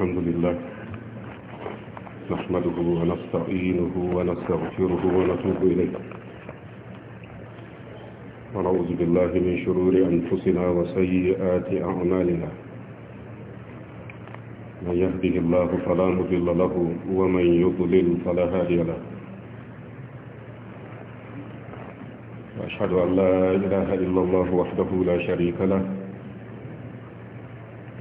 الحمد لله نحمده ونستعينه ونستغفره ونتوب إليه ونعوذ بالله من شرور أنفسنا وسيئات أعمالنا من يهده الله فلا مضل له ومن يضلل فلا هادي له وأشهد أن لا إله إلا الله وحده لا شريك له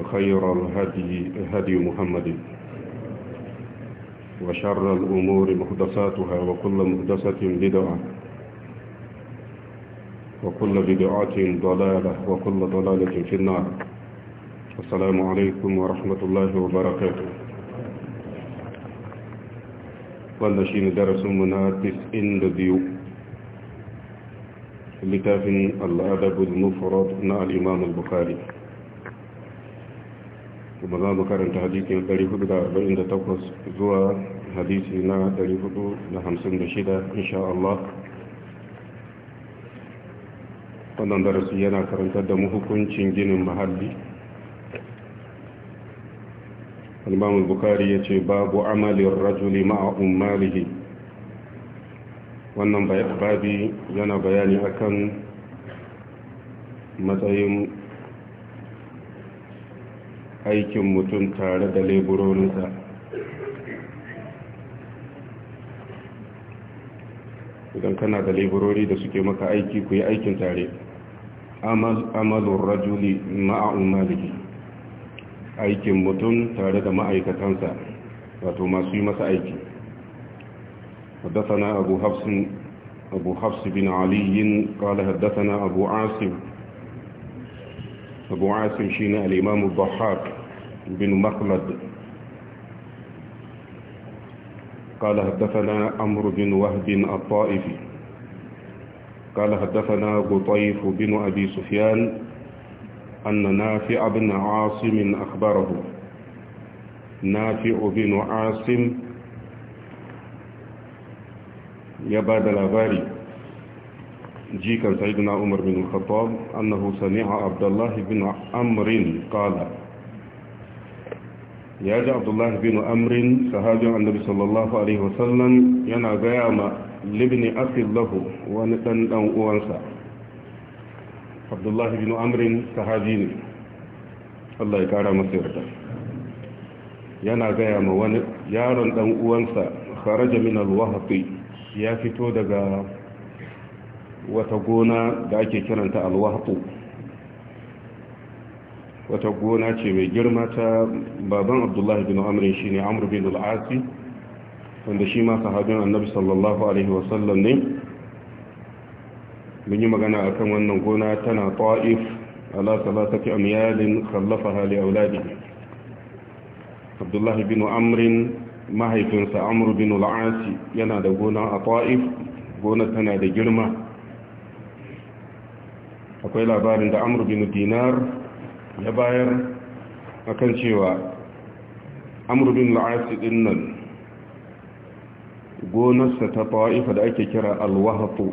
وخير الهدي هدي محمد وشر الأمور محدثاتها وكل محدثة بدعة وكل بدعة ضلالة وكل ضلالة في النار السلام عليكم ورحمة الله وبركاته wannan درس darasinmu na 92 littafin al'adabul mufrad na al-imam al kuma za mu karanta hadisin 448 zuwa hadisi na 456 insha Allah wannan darasi yana karantar da mu hukuncin ginin mahalli al-imam bukhari yace babu amalin rajuli ma'a ummalihi wannan babi yana bayani akan matsayin aikin mutum tare da leburorinsa idan kana da leburori da suke maka aiki ku yi aikin tare amalin rajuli ma'a'un maliki aikin mutum tare da ma'aikatansa wato masu yi masa aiki حدثنا أبو حفص أبو حفص بن علي قال حدثنا أبو عاصم أبو عاصم شيناء الإمام الضحاك بن مخلد قال هدفنا أمر بن وهب الطائفي قال هدفنا قطيف بن أبي سفيان أن نافع بن عاصم أخبره نافع بن عاصم يبادل غاري جيكا سيدنا عمر بن الخطاب أنه سمع عبد الله بن أمر قال يا عبد الله بن أمر صحابي النبي صلى الله عليه وسلم ينا بيعم لابن أخي له ونتن أوانسا عبد الله بن أمر صحابيني الله يكارا مسيرته ينا بيعم ma wani أوانسا خرج من kharaja يا alwahqi wata gona da ake kiranta alwahatu wata gona ce mai girma ta baban abdullahi bin amrin shi ne amur bin al'asi wanda shi ma sahabin annabi sallallahu alaihi wasallam ne mun yi magana a kan wannan gona tana ta'if ala salatati kallafa hali a wuladi abdullahi bin amrin mahaifinsa amur bin al'asi yana da gona a ta'if gona tana da girma akwai labarin da amur bin dinar ya bayar akan cewa amur bin la'asi din nan gonarsa ta ta'ifa da ake kira alwahafo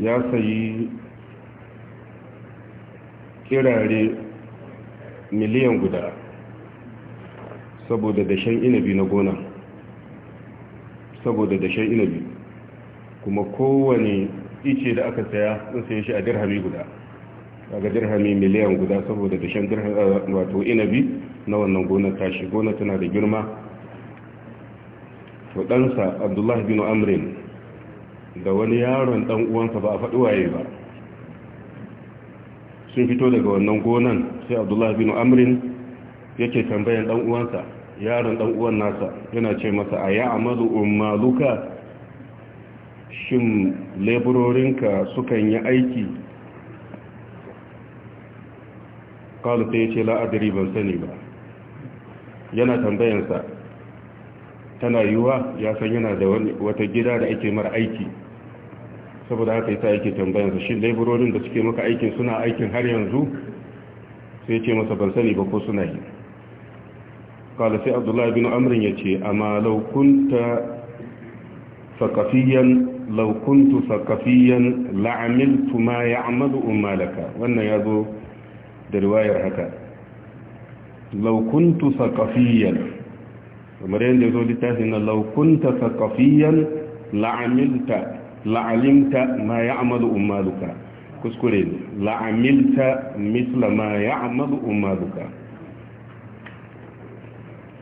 ya sayi kirare miliyan guda saboda dashen inabi na gona saboda dashen inabi kuma kowane ice da aka saya sun saye shi a dirhami guda daga dirhami miliyan guda saboda dashen eh, wato inabi na wannan gona tashi gona tana da girma to ɗansa abdullahi bin amrin da wani yaron ɗan uwansa ba a faɗi waye ba sun fito daga wannan gonan sai abdullahi bin amrin yake tambayan ɗan uwansa yaron ɗan uwan nasa yana ce masa a ya amazu umaluka shin leburorinka sukan yi aiki kawai sai ya ce la'adari ban sani ba yana tambayansa tana yiwuwa ya san yana da wata gida da ake mara aiki saboda haka yasa yake tambayansa shin leburorin da suke maka aikin suna aikin har yanzu sai ce masa ban sani ba ko suna yi kawai sai abdullahi bin amrin ya ce amma laukunta kunta law kuntu thaqafiyan la'amiltu ma ya'malu ummalaka wannan yazo da riwayar haka law kuntu thaqafiyan kamar yadda zo littafin na law kunta thaqafiyan la'amilta la'alimta ma ya'malu ummaluka kuskure la'amilta misla ma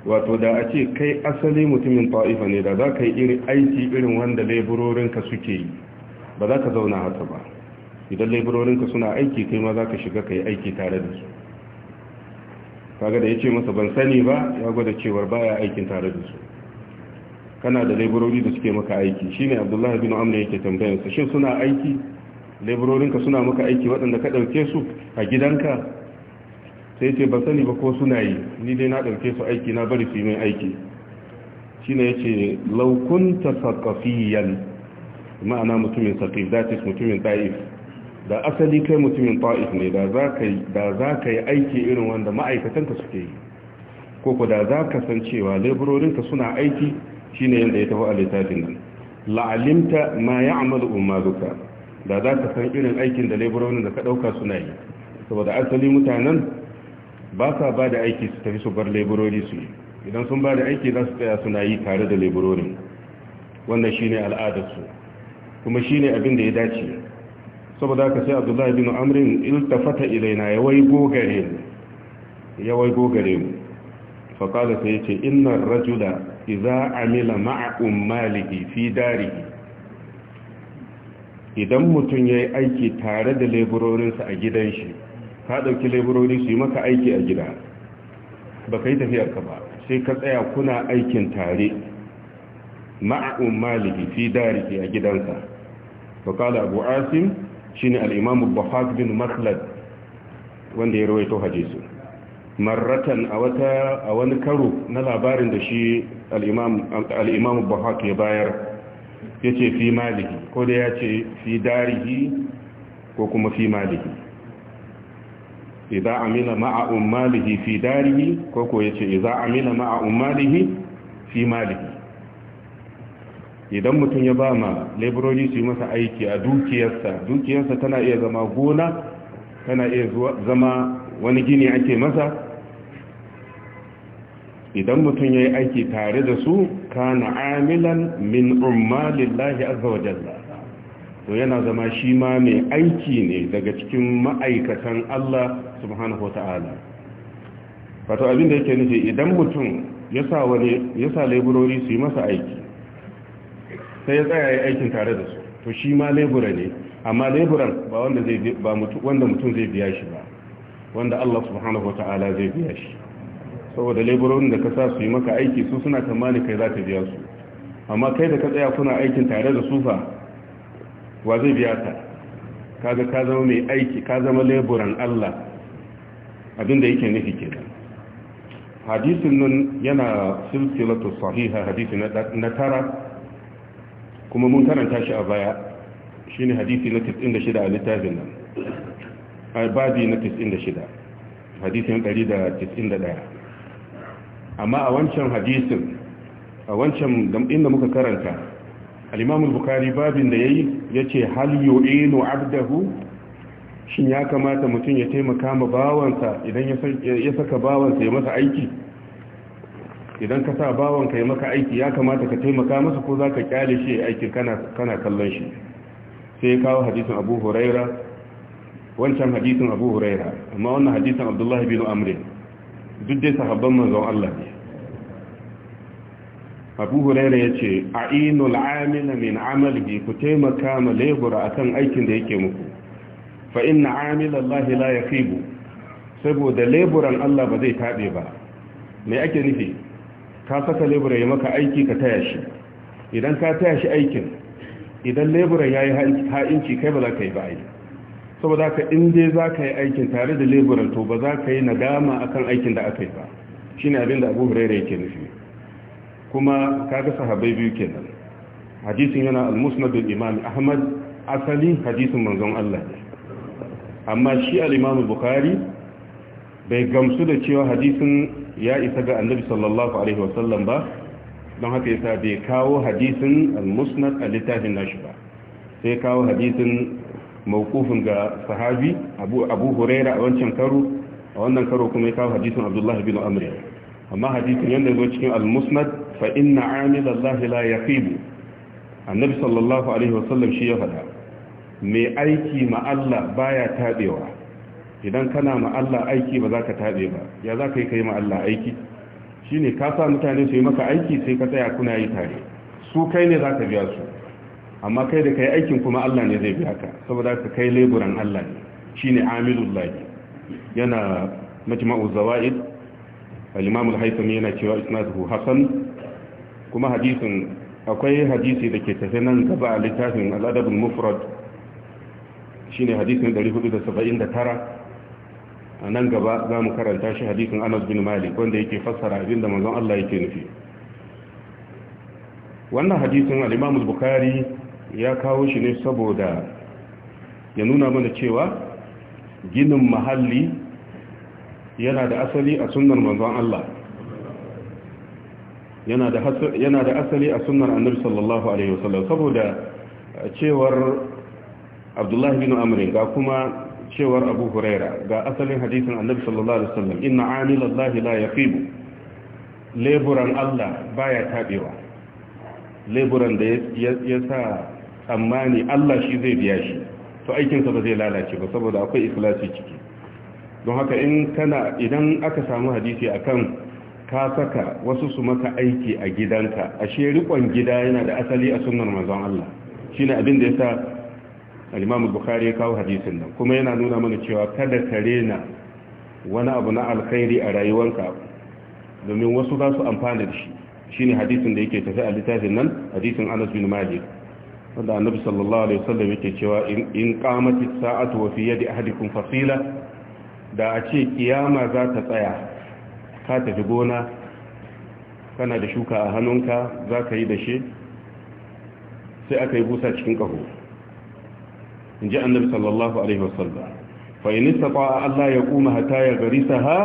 wato da a ce kai asali mutumin ta'ifa ne da za ka yi aiki irin wanda laiburorinka suke yi ba za ka zauna haka ba idan laiburorinka suna aiki kai ma za ka shiga ka yi aiki tare da su kaga da ya ce masa ban sani ba ya gwada cewar baya aikin tare da su kana da laiburori da suke maka aiki shi ne abdullahi bin amna yake tambayarsa shin suna aiki laiburorinka suna maka aiki waɗanda ka ɗauke su a gidanka sai ce ba sani ba ko suna yi ni dai na ɗauke su aiki na bari su yi mai aiki shi ne ya ce laukunta saƙafiyan ma'ana mutumin saƙif that is mutumin ta'if da asali kai mutumin ta'if ne da za ka yi aiki irin wanda ma'aikatanka suke yi koko da za ka san cewa laburorinka suna aiki shi ne yadda ya tafi a littafin nan la'alimta ma ya amalu duka da za ka san irin aikin da laburorin da ka ɗauka suna yi saboda asali mutanen ba sa ba da aiki su tafi su bar laborori su yi idan sun ba da aiki za su tsaya suna yi tare da laborori wannan shine al'adarsu kuma shine abin da ya dace saboda haka sai abdullahi bin amrin iltafata ilaina ya wai gare mu ya wai gogare mu fa qala sai yace inna rajula idza amila ma'a ummalihi fi darihi idan mutum yayi aiki tare da leburorinsa a gidan shi ka ɗauki laiburori su yi maka aiki a gida ba ka yi tafiyar ka ba sai ka tsaya kuna aikin tare ma'a'un maliki fi dariki a gidansa ba kala abu asim shi ne al'imamu bahag bin Maslad wanda ya rawaito hajjisu marratan a wani karo na labarin da shi al'imamu Bahak ya bayar ya ce fi maliki ko da ya ce fi dariki ko kuma fi maliki idza amila ma'a ummalihi fi darihi ko ko yace idza amila ma'a ummalihi fi malihi idan mutum ya ba ma laborori su yi masa aiki a dukiyarsa dukiyarsa tana iya zama gona tana iya zama wani gini ake masa idan mutum ya yi aiki tare da su kana amilan min ummalillahi azza wa jalla to yana zama shi ma mai aiki ne daga cikin ma'aikatan Allah subhanahu wata'ala fato abin da yake nufi idan mutum ya sa wani su yi masa aiki sai ya tsaya ya aikin tare da su to shi ma labura ne amma laburan ba wanda mutum zai biya shi ba wanda Allah subhanahu wata'ala zai biya shi saboda laborin da ka sa su yi maka aiki su suna tamani kai za ka biya su amma kai da ka tsaya kuna aikin tare da su fa wa zai biya ta kaga ka zama mai aiki ka zama leburan Allah abinda yake nufi kenan hadisin nan yana silsilatu sahiha hadisi na tara kuma mun karanta shi a baya Shi ne hadisi na 96 a littafin nan albabi na 96 hadisin 191 amma a wancan hadisin a wancan inda muka karanta al bukari al-bukhari babin da yayi yace halyo yu'inu abdahu shin ya kamata mutum ya taimaka ma bawansa idan ya saka bawansa ya masa aiki idan ka sa bawanka ya maka aiki ya kamata ka taimaka masa ko za ka kyale shi aikin kana kallon shi sai ya kawo hadisin abu huraira wancan hadisin abu huraira amma wannan hadisin abdullahi bin amri duk dai sahabban manzon Allah ne abu huraira ya ce a inul amina min bi ku taimaka ma lebura akan aikin da yake muku fa ina amina Allah la yakhibu saboda leburan Allah ba zai taɓe ba me ake nufi ka saka lebura ya maka aiki ka taya shi idan ka taya shi aikin idan ya yi ha'inci kai ba za ka yi ba aiki saboda ka in za ka yi aikin tare da leburan to ba za ka yi nadama akan aikin da aka yi ba ne abin da Abu Hurairah yake nufi kuma kaga sahabbai biyu kenan hadisin yana al-musnad al-imam ahmad asali hadisin manzon Allah amma shi al-imam bukhari bai gamsu da cewa hadisin ya isa ga annabi sallallahu alaihi wasallam ba don haka yasa bai kawo hadisin al-musnad al-littafin nashi ba sai kawo hadisin mawqufin ga sahabi abu abu huraira a wancan karo a wannan karo kuma ya kawo hadisin Abdullahi bin amr amma hadisin yanda zo cikin al-musnad fa inna amilallahi la yaqibu annabi sallallahu alaihi wasallam shi ya faɗa mai aiki ma Allah baya tabewa idan kana ma Allah aiki ba za ka tabe ba ya za ka yi kai ma Allah aiki shine ka sa mutane su yi maka aiki sai ka tsaya kuna yi tare su kai ne za ka biya su amma kai da kai aikin kuma Allah ne zai biya ka saboda ka kai leburan Allah ne shine amilullahi yana majma'u zawaid al-imam al-haythami yana cewa isnaduhu hasan kuma hadisin akwai hadisi da ke tafi nan gaba a littafin al'adabin mufrad shi ne hadisin 479 a nan gaba za mu karanta shi hadisin anas bin malik wanda yake fassara abin da manzon Allah yake nufi wannan hadisin al'imamu bukari ya kawo shi ne saboda ya nuna mana cewa ginin mahalli yana da asali a sunan manzon Allah yana da asali a sunan annabi sallallahu alaihi wasallam saboda cewar abdullahi bin amr ga kuma cewar abu huraira ga asalin hadisin annabi sallallahu alaihi wasallam inna amilallahi la yaqibu leburan Allah baya tabewa leburan da ya sa tsammani Allah shi zai biya shi to aikinsa ba zai lalace ba saboda akwai ikhlasi ciki don haka in kana idan aka samu hadisi akan ka saka wasu su maka aiki a gidanka ashe rikon gida yana da asali a sunnar manzon Allah shine abin da ya sa imam bukari ya kawo hadisin nan kuma yana nuna mana cewa kada ka rena wani abu na alkhairi a rayuwanka domin wasu za su amfana da shi shine hadisin da yake tafi a littafin nan hadisin Anas bin Malik wanda Annabi sallallahu alaihi wasallam yake cewa in qamatis sa'atu wa fi yadi ahadikum fasila da a ce kiyama za ta tsaya ka tafi gona kana da shuka a hannunka za ka yi da shi sai aka yi busa cikin ƙaho in ji annabi sallallahu alaihi wasallam fa'in istata Allah ya kuma hata ya gari saha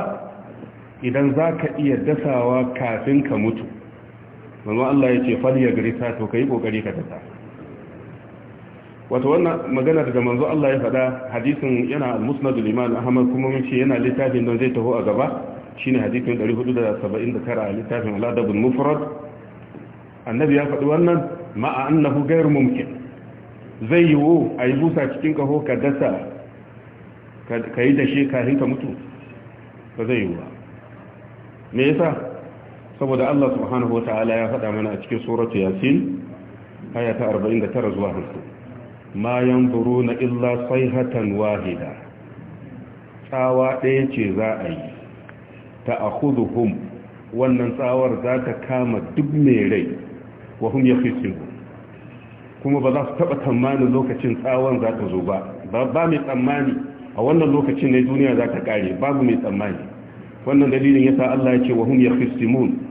idan za ka iya dasawa kafin ka mutu manzo Allah ya ce fal ya gari sa to yi ƙoƙari ka dasa Wata wannan magana daga manzo Allah ya faɗa hadisin yana al-musnad Ahmad kuma mun ce yana littafin don zai taho a gaba shine hadisin 479 a littafin aladabul mufrad annabi ya faɗi wannan ma'a annahu gairu mumkin zai yiwu a yi busa cikin kaho ka dasa ka yi da kafin ka mutu ba zai yiwu ba me yasa saboda Allah subhanahu wa ta'ala ya faɗa mana a cikin suratu yasin aya ta 49 zuwa 50 ma na illa sai hatan wahida tsawa ɗaya ce za a yi hum wannan tsawar za ta kama duk mai rai wa hum yakhisun kuma ba za su taba tsammanin lokacin tsawon za ta zo ba ba mai tsammani a wannan lokacin ne duniya za ta kare babu mai tsammani wannan dalilin yasa Allah ya ce wa hum ya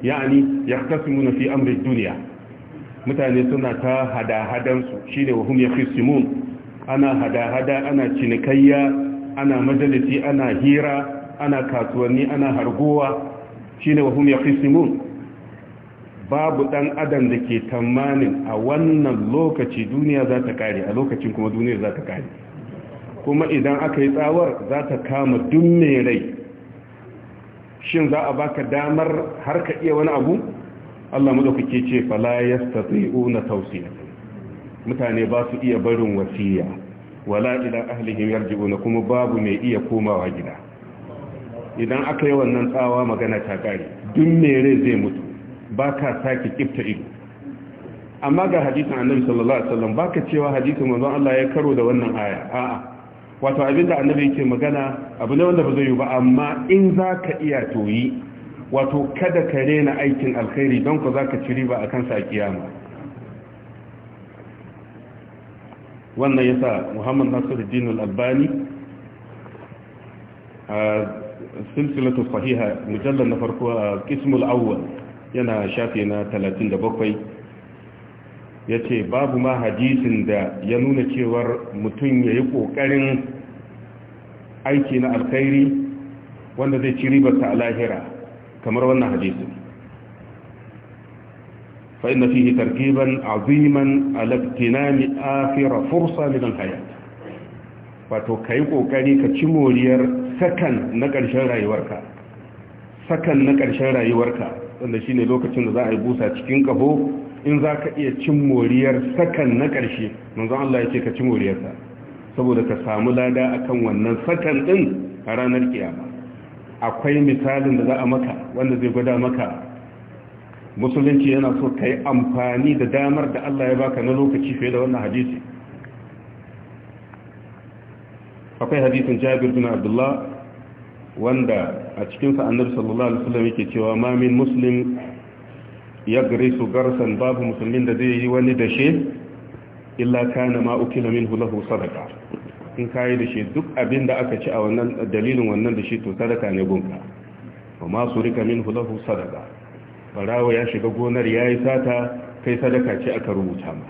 ya'ani na fi amri dunya mutane suna ta hada-hadan su shine wa hum yakhsimun ana hada-hada ana cinikayya ana majalisi ana hira ana kasuwanni ana harguwa shine wa hum yaqisimun babu dan adam da ke tamanin a wannan lokaci duniya za ta kare a lokacin kuma duniya za ta kare kuma idan aka yi tsawar za ta kama duk mai rai shin za a baka damar har ka iya wani abu Allah ke ce fala yastati'una tawsiya mutane ba su iya barin wasiya wala ila ahlihim yarji'una kuma babu mai iya komawa gida idan aka yi wannan tsawa magana ta kare duk mere zai mutu ba ka sake kifta ido amma ga hadisin annabi sallallahu alaihi wasallam ba ka cewa hadisin manzon Allah ya karo da wannan aya a'a wato abinda annabi yake magana abu ne wanda ba zai yi ba amma in za ka iya toyi wato kada ka rena aikin alkhairi don ku za ka ci riba a kansa a kiyama wannan yasa muhammad nasiruddin albani silsilatu sahiha mujallar na farko a kismul awwal yana shafi na 37 ya ce babu ma hadisin da ya nuna cewar mutum ya yi ƙoƙarin aiki na alkhairi wanda zai ci ribarsa a lahira kamar wannan hadisin فإن فيه تركيبا عظيما على اغتنام آخر فرصة من الحياة wato ka yi ƙoƙari ka ci moriyar sakan na ƙarshen rayuwarka sakan na ƙarshen rayuwarka wanda shine lokacin da za a yi busa cikin ƙaho in za ka iya cin moriyar sakan na ƙarshe manzon Allah ya ce ka ci moriyarsa saboda ka samu lada akan wannan sakan ɗin a ranar kiyama akwai misalin da za a maka wanda zai gwada maka musulunci yana so ka yi amfani da damar da Allah ya baka na lokaci fiye da wannan hadisi akwai hadisin jabir bin abdullah wanda a cikinsa annabi sallallahu alaihi wasallam yake cewa ma min muslim ya su garsan babu musulmin da zai yi wani dashe illa kana ma ukila minhu lahu sadaqa in kai dashe duk abin da aka ci a wannan dalilin wannan dashe to sadaka ne gunka wa ma surika minhu lahu sadaqa barawo ya shiga gonar yayi sata kai sadaka ce aka rubuta ma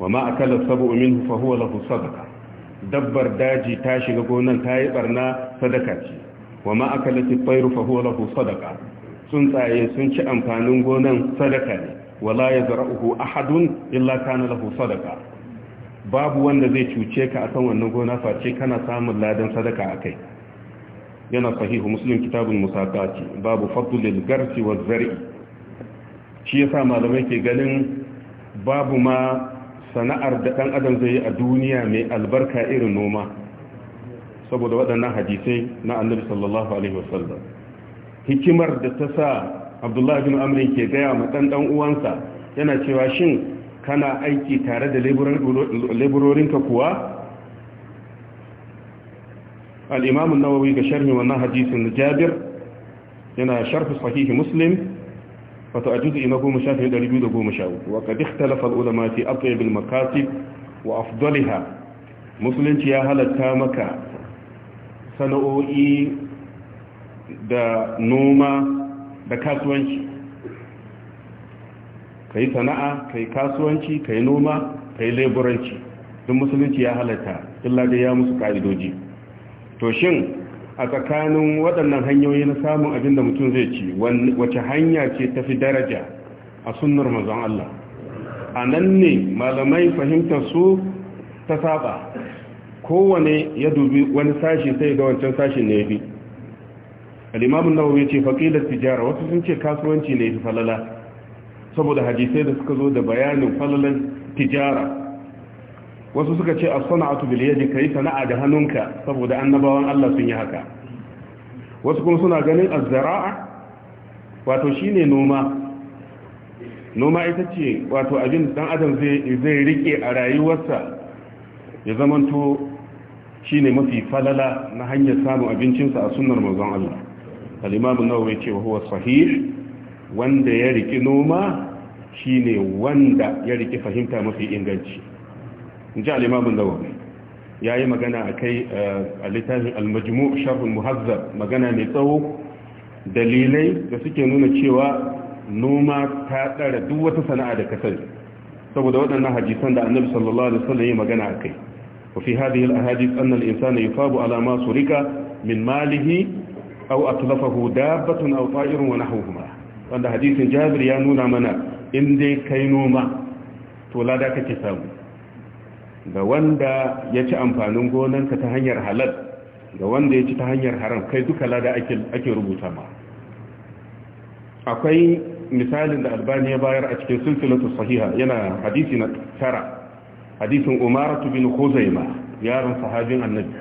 wa ma akala sabu minhu fa huwa lahu sadaqa dabbar daji ta shiga gonan ta yi barna sadaka ce wa ma tsairu fa huwa sadaka tsuntsaye sun ci amfanin gonan sadaka ne wala ya a ahadun illa kana lahu sadaka babu wanda zai cuce ka akan wannan gona face kana samun ladan sadaka akai yana sahihu muslim kitabul musaqati babu fadlil garsi waz zar'i shi yasa malamai ke ganin babu ma sana'ar da ɗan adam zai yi a duniya mai albarka irin noma saboda waɗannan hadisai na annabi sallallahu alaihi wasallam hikimar da ta sa abdullahi bin amrin ke gaya ma ɗanɗan uwansa yana cewa shin kana aiki tare da laborinka kuwa al'imamun nawawi ga sharhin wannan hadisin jabir yana sharfi sahihi muslim wato a juzu'i na goma sha fiye ɗari biyu da goma sha uku wa kadi talafar ulama fi afyabil makasib wa afdaliha musulunci ya halatta maka sana'o'i da noma da kasuwanci Kai sana'a kai kasuwanci kai noma kai yi leburanci don musulunci ya halatta illa dai ya musu ka'idoji to shin a tsakanin waɗannan hanyoyi na samun abin da mutum zai ci wace hanya ce tafi daraja a sunnar mazan Allah a nan ne malamai fahimtar su ta saba kowane ya dubi wani sashi sai ga wancan sashi ne ya fi al'imamun ya ce faƙilar tijara wasu sun ce kasuwanci ne fi falala saboda hadisai da suka zo da bayanin falalan tijara wasu suka ce a sana'atu bil yadi kai sana'a da hannunka saboda annabawan Allah sun yi haka wasu kuma suna ganin az-zara'a wato shine noma noma ita ce wato abin dan adam zai zai rike a rayuwarsa ya zamanto shine mafi falala na hanyar samun abincinsa a sunnar manzon Allah al-imam an-nawawi ce huwa sahih wanda ya rike noma shine wanda ya rike fahimta mafi inganci ji alimamin da wani ya yi magana a kai eh, a littafin almajimu shafin muhazzar magana mai tsawo dalilai da suke nuna cewa noma ta ɗara duk wata sana'a da kasar saboda waɗannan hajjisan da annabi sallallahu alaihi wasallam ya magana a kai wa fi hadhihi alhadith anna al-insan yufabu ala surika min malihi aw atlafahu dabbatun aw irin wani nahuhuma wanda hadisin jabir ya nuna mana in dai kai noma to lada kake samu ga wanda ya ci amfanin gonanka ta hanyar halal ga wanda ya ci ta hanyar haram kai duka lada ake rubuta ma akwai misalin da albani ya bayar a cikin silsilatu sahiha yana hadisi na tara hadisin umaratu bin khuzaima yaron sahabin annabi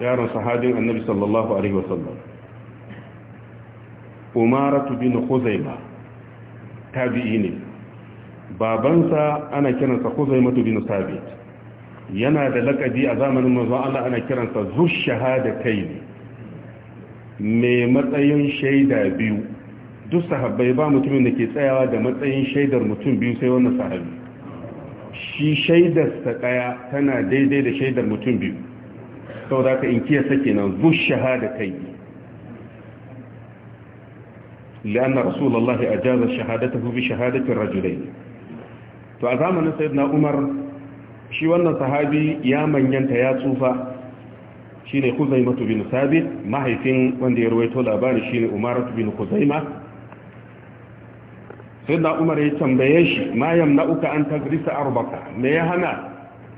yaron sahabin annabi sallallahu alaihi wasallam umaratu bin khuzaima tabi'i ne babansa ana kiransa huzaimatu bin sabit yana da lakabi a zamanin manzon Allah ana kiransa kai ne. mai matsayin shaida biyu duk sahabbai ba mutumin da ke tsayawa da matsayin shaidar mutum biyu sai wannan sahabi shi shaidarsa daya tana daidai da shaidar mutum biyu saboda ka in kiyasa kenan zush shahadatayn لأن رسول الله أجاز شهادته بشهادة الرجلين to a zamanin sayyidina umar shi wannan sahabi ya manyanta ya tsufa shi ne kuzaimatu bin sabit mahaifin wanda ya ruwaito labari shi ne umaratu bin kuzaima sayyidina umar ya tambaye shi ma uka an tagrisa arbaka me ya hana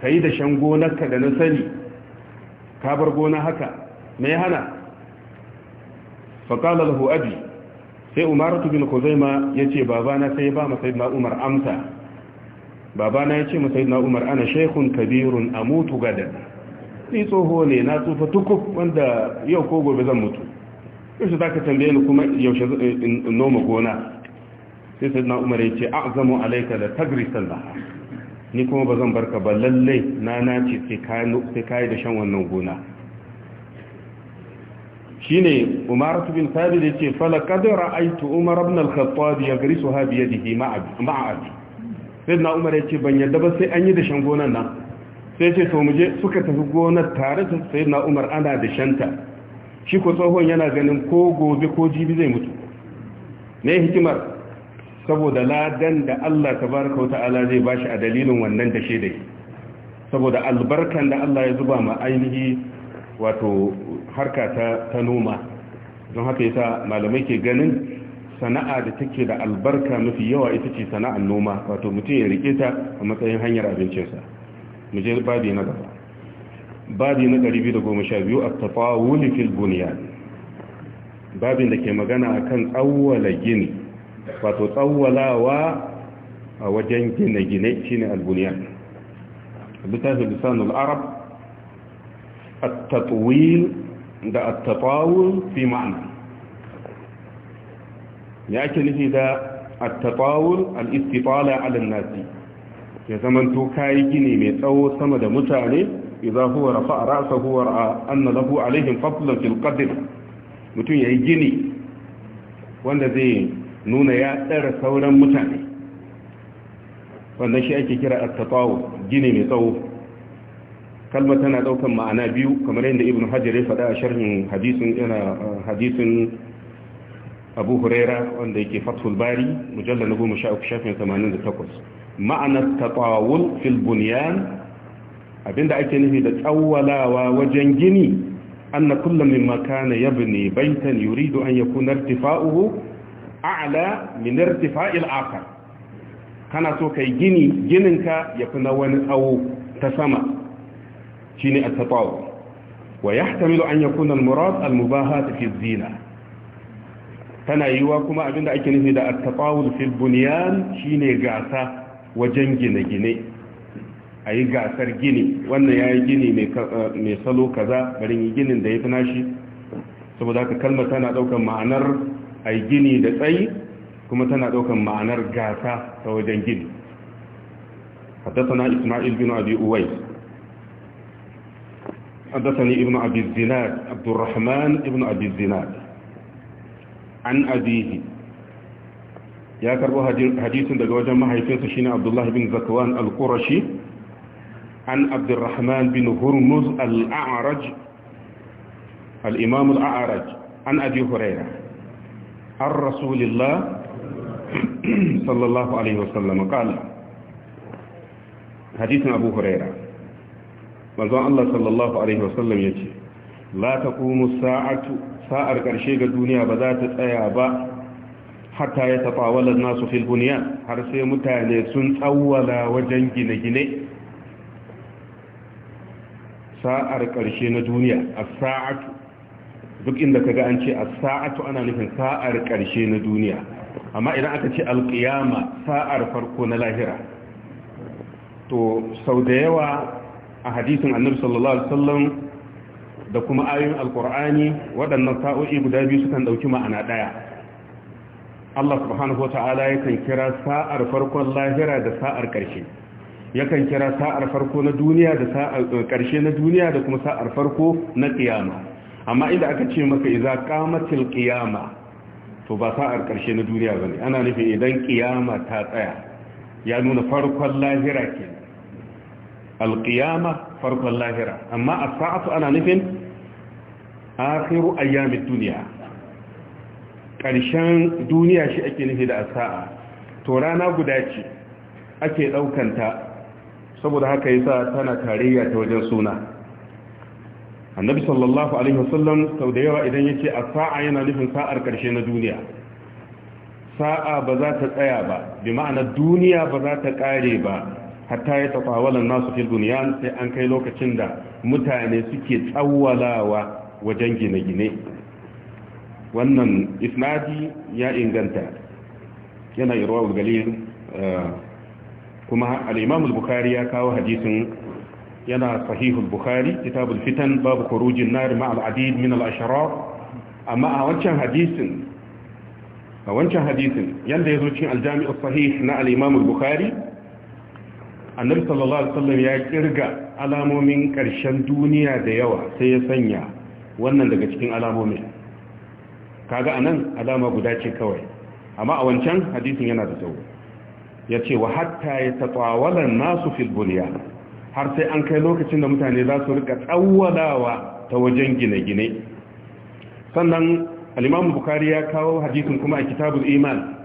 kai da shan gonarka da na sani ka bar gona haka me ya hana faƙala lahu sai umaratu bin kuzaima ya ce babana sai ba masai na umar amsa babana ya ce masai na umar ana shaikhun kabirun a mutu gada ni tsoho ne na tsufa tuku wanda yau ko gobe zan mutu yaushe za ka tambaye ni kuma yaushe eh, noma gona sai sai na umar ya ce a zamo alaika da tagrisan da ni kuma ba zan barka ba lallai na nace sai kayi da shan wannan gona shine umar bin sabir ya ce falakadar aitu umar ibn al-khattab ya gari su ha biye ma'a sai na umar ya ce ban yadda ba sai an yi dashen gonan nan sai ce to muje suka tafi gonar tare da sai na umar ana dashenta shi ko tsohon yana ganin ko gobe ko jibi zai mutu ne hikimar saboda ladan da Allah ta baraka wata ta'ala zai bashi a dalilin wannan dashe da saboda albarkan da Allah ya zuba ma ainihi wato harka ta noma don haka yasa malamai ke ganin sana'a da take da albarka mafi yawa ita ce sana'ar noma wato mutum ya rike ta a matsayin hanyar abincinsa mu je babi na gaba babi na 212 a tafawul fil bunyan babin da ke magana akan tsawwala gini wato tsawwalawa a wajen gine-gine shine al-bunyan littafin lisanul arab at-tatwil da at-tafawul fi ma'ana ya ake nufi da attatawul al-istitala ala nasi ya zamanto kayi gini mai tsawo sama da mutane idza huwa a ra'sahu a ra'a anna lafu alaihim fadlan fil mutum yayi gini wanda zai nuna ya tsara sauran mutane wannan shi ake kira attatawul gini mai tsawo kalma tana daukan ma'ana biyu kamar yadda ibn hajjar ya faɗa a sharhin hadisun. hadisin abu huraira wanda yake fathul bari mujallar na goma sha uku shafin tamanin da takwas ma'anar taɓawul fil bunyan abinda ake nufi da tsawalawa wajen gini anna kullu min makana yabni baitan yuridu an yakuna irtifa'uhu a'la min irtifa'il akhar kana so kai gini gininka yafi na wani tsawo ta sama shine at-tatawu wa yahtamilu an ya al-murad al-mubahat fi zina tana yiwuwa kuma abinda ake nufi da attaqawul fil bunyan shine gasa wajen gine-gine a yi gasar gini wannan ya yi gini mai salo kaza bari yi ginin da ya fi nashi saboda haka kalma tana daukan ma'anar a yi gini da tsayi kuma tana daukan ma'anar gasa ta wajen gini حدثنا Isma'il bin أبي أويس حدثني ابن أبي الزناد عبد الرحمن ابن أبي الزناد an abihi ya karbo hadisin daga wajen mahaifinsa shine abdullahi bin zakwan al-qurashi an abdurrahman bin hurmuz al-a'raj al-imam al-a'raj an abi huraira an rasulillah sallallahu alaihi wasallam qala hadisin abu huraira manzon Allah sallallahu alaihi wasallam yace la taqumu as-sa'atu sa'ar ƙarshe ga duniya ba za ta tsaya ba hatta ya tafawala nasu fil har sai mutane sun tsawwala wajen gine-gine sa'ar ƙarshe na duniya a sa'atu duk inda ga an ce a sa'atu ana nufin sa'ar ƙarshe na duniya amma idan aka ce alƙiyama sa'ar farko na lahira to sau da yawa a hadisin annabi sallallahu alaihi wasallam da kuma ayoyin alkur'ani waɗannan sa'o'i guda biyu sukan ɗauki ma'ana ɗaya Allah subhanahu wa ta'ala yakan kira sa'ar farkon lahira da sa'ar ƙarshe yakan kira sa'ar farko na duniya da sa'ar eh, ƙarshe na duniya da kuma sa'ar farko na ƙiyama amma inda aka ce maka iza qamatil qiyama to ba sa'ar ƙarshe na duniya bane ana nufin idan ƙiyama ta tsaya ya nuna farkon lahira kenan alƙiyama farkon lahira amma a sa'atu ana nufin akhiru ayyamid duniya ƙarshen duniya shi ake nufi da asa'a to rana guda ce ake ɗaukanta saboda haka yasa tana tarayya ta wajen suna annabi sallallahu alaihi wasallam sau da yawa idan ya ce a sa'a yana nufin sa'ar ƙarshe na duniya sa'a ba za ta tsaya ba bi ma'ana duniya ba za ta ƙare ba hatta ya tafawalan nasu fil duniya sai an kai lokacin da mutane suke tsawalawa wajen gine-gine wannan isnadi ya inganta yana irwa galil eh, kuma al'imamul bukari ya kawo hadisin yana sahihul bukari kitabul fitan babu kurujin nari ma'al adid min al'asharar amma a wancan hadisin a wancan hadisin yadda ya zo cin aljami'ar sahih na al'imamul bukari annabi sallallahu alaihi wasallam ya kirga alamomin ƙarshen duniya da yawa sai ya sanya wannan daga cikin alamomin kaga anan alama guda ce kawai amma a wancan hadisin yana da tsawo ya ce wa hatta ya tatsawalar nasu filbuniya har sai an kai lokacin da mutane za su rika tsawalawa ta wajen gine-gine sannan alimamu Bukhari ya kawo hadisin kuma a kitabul iman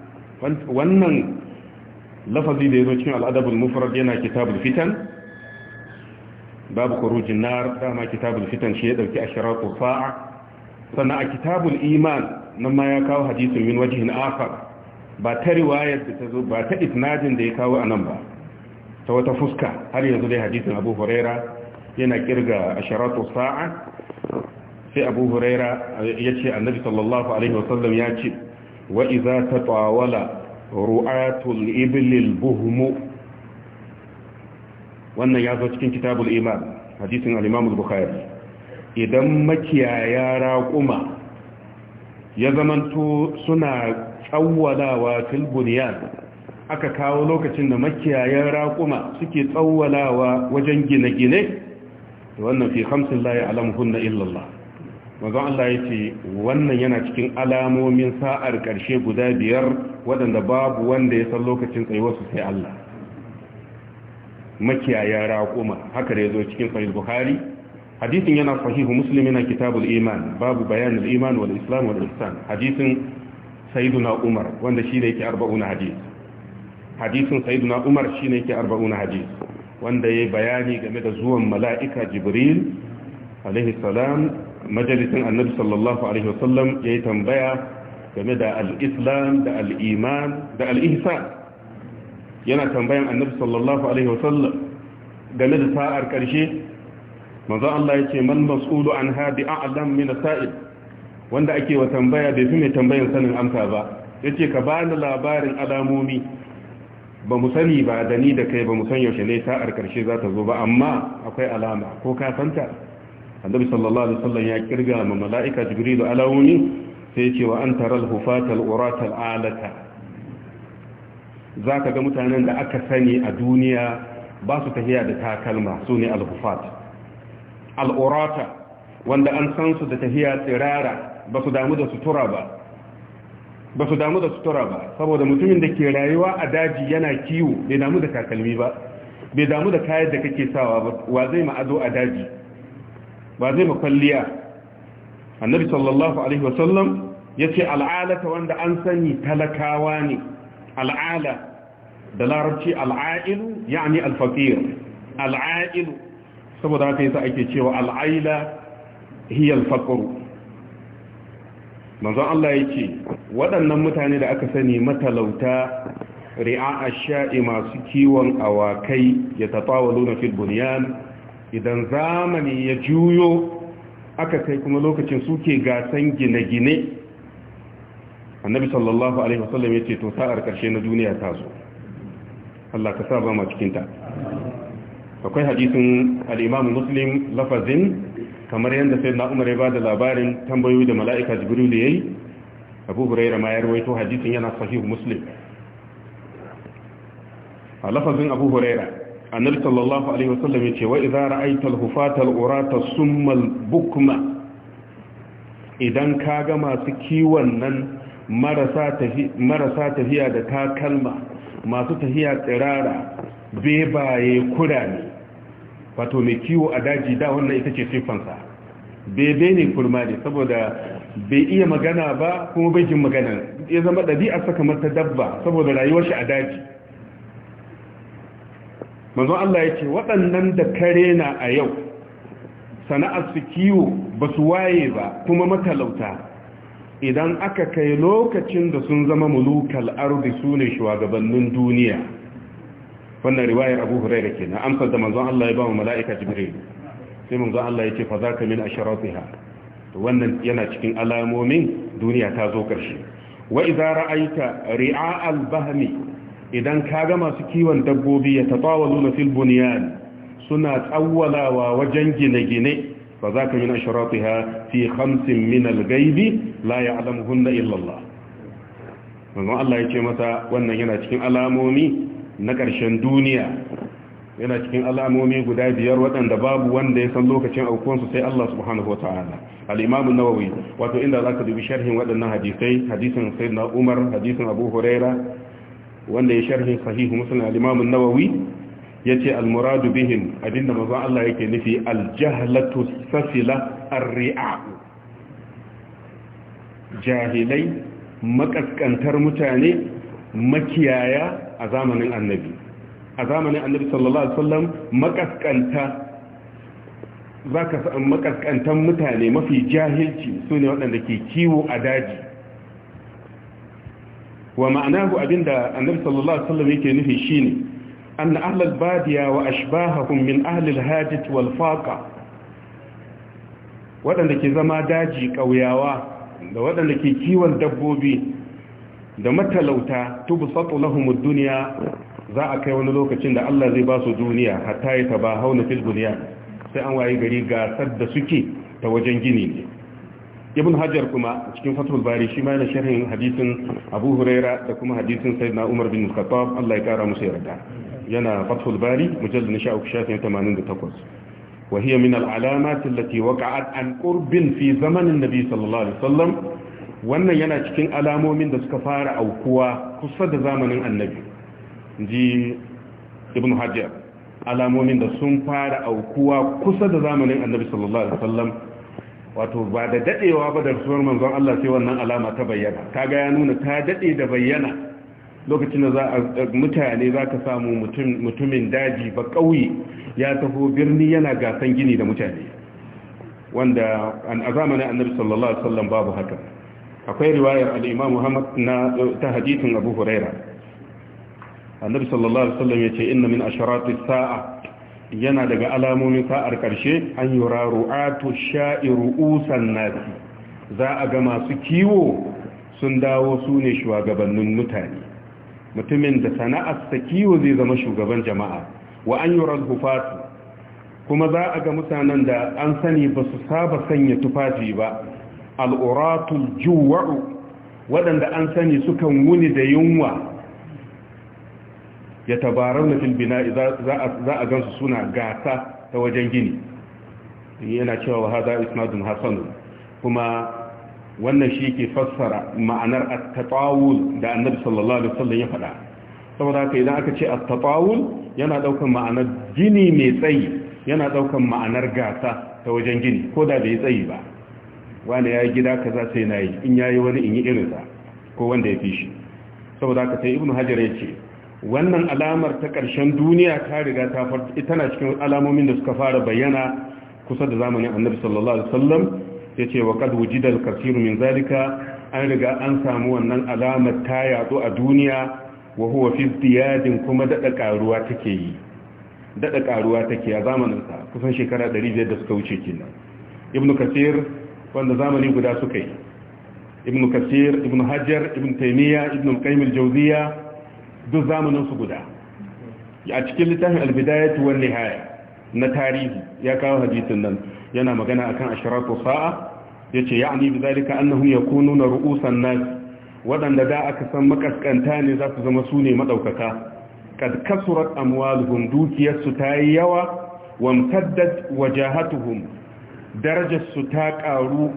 wannan lafazi da ya zo cikin al'adabul mufarar yana kitabul fitan babu kurujin na dama kitabul fitan shi ya dauki ashratu sa'a sannan a kitabul iman nan ma ya kawo hadisin min wajhin akhar ba ta riwayar da ta zo ba ta isnadin da ya kawo anan ba ta wata fuska har yanzu dai hadisin Abu Huraira yana kirga ashratu sa'a sai Abu Huraira yace Annabi sallallahu alaihi wasallam ya ce wa ta tawala ru'atul ibil buhmu wannan ya zo cikin kitabul iman hadisin al bukhari idan makiyaya raƙuma ya zamanto suna tsawwalawa fil aka kawo lokacin da makiyayan raƙuma suke tsawwalawa wajen gine-gine to wannan fi khamsin la ya'lamuhunna illa Allah manzon Allah wannan yana cikin alamomin sa'ar karshe guda biyar waɗanda babu wanda ya san lokacin tsayuwarsu sai Allah makiyaya raƙuma haka da ya zo cikin sahih bukhari hadisin yana sahihu muslim yana kitabul iman babu bayan iman wal islam wal ihsan hadisin sayyiduna umar wanda shi ne yake 40 hadis hadisin sayyiduna umar shi ne yake 40 hadis wanda yayi bayani game da zuwan mala'ika jibril alaihi salam majalisin annabi sallallahu alaihi wasallam yayi tambaya game da al-islam da al-iman da al-ihsan yana tambayan annabi sallallahu alaihi wasallam game da sa'ar karshe manzo Allah yace man mas'ulu an hadi a'lam min sa'il wanda ake wa tambaya bai fi mai tambayan sanin amsa ba yace ka bani labarin alamomi ba mu sani ba da ni da kai ba mu san yaushe ne sa'ar karshe za ta zo ba amma akwai alama ko ka santa annabi sallallahu alaihi wasallam ya kirga ma mala'ika jibrilu alamomi sai yace wa an taral hufatal uratal alata za ka ga mutanen da aka sani a duniya ba su tafiya da takalma su ne alhufat al'urata wanda an san su da tafiya tsirara ba su damu da sutura ba ba su damu da sutura ba saboda mutumin da ke rayuwa a daji yana kiwo bai damu da takalmi ba bai damu da kayan da kake sawa ba wa zai ma'azo a daji ba zai ma kwalliya? annabi sallallahu alaihi wasallam ya ce al'alata wanda an sani talakawa ne al'ala da larabci al'ailu yani alfaqir al'ailu saboda haka yasa ake cewa al'aila hiya alfaqr manzon Allah yake waɗannan mutane da aka sani matalauta ri'a shai masu kiwon awakai ya tatawaluna fil bunyan idan zamani ya juyo aka kai kuma lokacin suke gasan gine-gine annabi sallallahu alaihi wasallam yace to sa'ar karshe na duniya ta zo Allah ka sa ba mu cikin ta akwai hadisin al-Imam Muslim lafazin kamar yadda sai na Umar ya bada labarin tambayoyi da mala'ika Jibril yayi Abu Hurairah ma ya rawaito hadisin yana sahih Muslim a lafazin Abu Hurairah annabi sallallahu alaihi wasallam yace wa idza ra'aita al-hufata al-urata summa al-bukma idan ka ga masu kiwon nan marasa tafiya da takalma masu tafiya tsirara bebaye kurani wato mai kiwo a daji da wannan ita ce siffansa bebe ne kurma ne saboda bai iya magana ba kuma bai jin magana ya zama a saka mata dabba saboda rayuwar shi a daji manzon Allah ya ce waɗannan da kare na a yau sana'ar su kiwo ba su waye ba kuma matalauta idan aka kai lokacin da sun zama mulukal ardi su ne shugabannin duniya wannan riwayar abu ke na amsar da manzon Allah ya ba mu mala'ika jibril sai manzon Allah ya ce fa ka min asharatiha wannan yana cikin alamomin duniya ta zo karshe wa idza ra'aita ri'a al-bahmi idan ka ga masu kiwon dabbobi ya tatawaluna fil bunyan suna tsawwalawa wajen gine-gine fa zaka min ashratiha fi khamsin min al-ghaibi la ya'lamuhunna illa Allah manzon Allah ya ce masa wannan yana cikin alamomi na ƙarshen duniya yana cikin alamomi guda biyar waɗanda babu wanda ya san lokacin aukuwansu sai Allah subhanahu wa ta'ala al'imamun nawawi wato inda za ka dubi sharhin waɗannan hadisai hadisin sai na umar hadisin abu huraira wanda ya sharhin sahihu musulun al'imamun nawawi Ya ce almuradu bihin abinda manzo Allah yake nufi al-jahlatu safila ar jahilai makaskantar mutane makiyaya a zamanin annabi a zamanin annabi sallallahu alaihi wasallam makaskanta ka san makaskantar mutane mafi jahilci su ne waɗanda ke kiwo a daji wa ma'anahu abinda annabi sallallahu alaihi wasallam yake nufi shine أن أهل البادية وأشباههم من أهل الهاجة والفاقة waɗanda ke zama daji ƙauyawa da waɗanda ke kiwon dabbobi da matalauta tubu sato duniya za a kai wani lokacin da Allah zai ba su duniya hatta ya taba hauna fil duniya sai an waye gari gasar da suke ta wajen gini ne ibn hajar kuma cikin fatul bari shi ma yana sharhin hadisin abu huraira da kuma hadisin sayyidina umar bin khattab Allah ya kara musu yarda yana fathul bari mujallad sha uku shafin 88 wa hiya min al-alamat allati waqa'at an qurbin fi zamanin nabi sallallahu alaihi sallam wannan yana cikin alamomin da suka fara aukuwa kusa da zamanin annabi ji ibn hajjar alamomin da sun fara aukuwa kusa da zamanin annabi sallallahu alaihi sallam wato ba da dadewa ba da rasuwar manzon Allah sai wannan alama ta bayyana kaga ya nuna ta dade da bayyana lokacin da za a mutane za ka samu mutumin daji ba ƙauye ya taho birni yana gasan gini da mutane wanda a zamanin annabi sallallahu alaihi wasallam babu haka akwai riwayar al-imam Muhammad na ta hadithin Abu Huraira annabi sallallahu alaihi wasallam yace inna min asharati sa'a yana daga alamomin sa'ar karshe an yura ru'atu sha'iru usan nasi za a ga masu kiwo sun dawo su ne shugabannin mutane mutumin da sana'arsa kiwo zai zama shugaban jama'a wa an yural hufatu kuma za a ga mutanen da an sani ba su saba sanya tufafi ba al'uratul juwa'u waɗanda an sani sukan wuni da yunwa ya tabarar na filbina za a gansu suna gasa ta wajen gini yana cewa wa haza isnadun hassanu kuma wannan shi ke fassara ma'anar at da annabi sallallahu alaihi wasallam ya faɗa saboda haka idan aka ce at yana daukan ma'anar gini mai tsayi yana daukan ma'anar gasa ta wajen gini ko da bai tsayi ba wani ya yi gida kaza sai na yi in yayi wani in yi irinsa ko wanda ya fi shi saboda haka sai ibnu hajar ya ce wannan alamar ta ƙarshen duniya ta riga ta farko tana cikin alamomin da suka fara bayyana kusa da zamanin annabi sallallahu alaihi wasallam ya ce wa kad wujidar kasiru min zalika an riga an samu wannan alamar ta yatsu a duniya wa huwa fi ziyadin kuma dada karuwa take yi dada karuwa take a zamanin sa kusan shekara 500 da suka wuce kenan ibnu kasir wanda zamani guda suka yi ibnu kasir ibnu hajar ibnu taymiya ibnu qayyim al-jawziya duk zamanin su guda a cikin littafin al-bidayatu wan nihaya na tarihi ya kawo hadisin nan yana magana akan ashiratu sa'a yace ya'ni bi zalika annahum yakununa ru'usan nas wadanda da aka san makaskanta ne za su zama sune ne madaukaka kad kasurat amwaluhum dukiyarsu ta yi yawa wamtaddat wajahatuhum darajarsu ta karu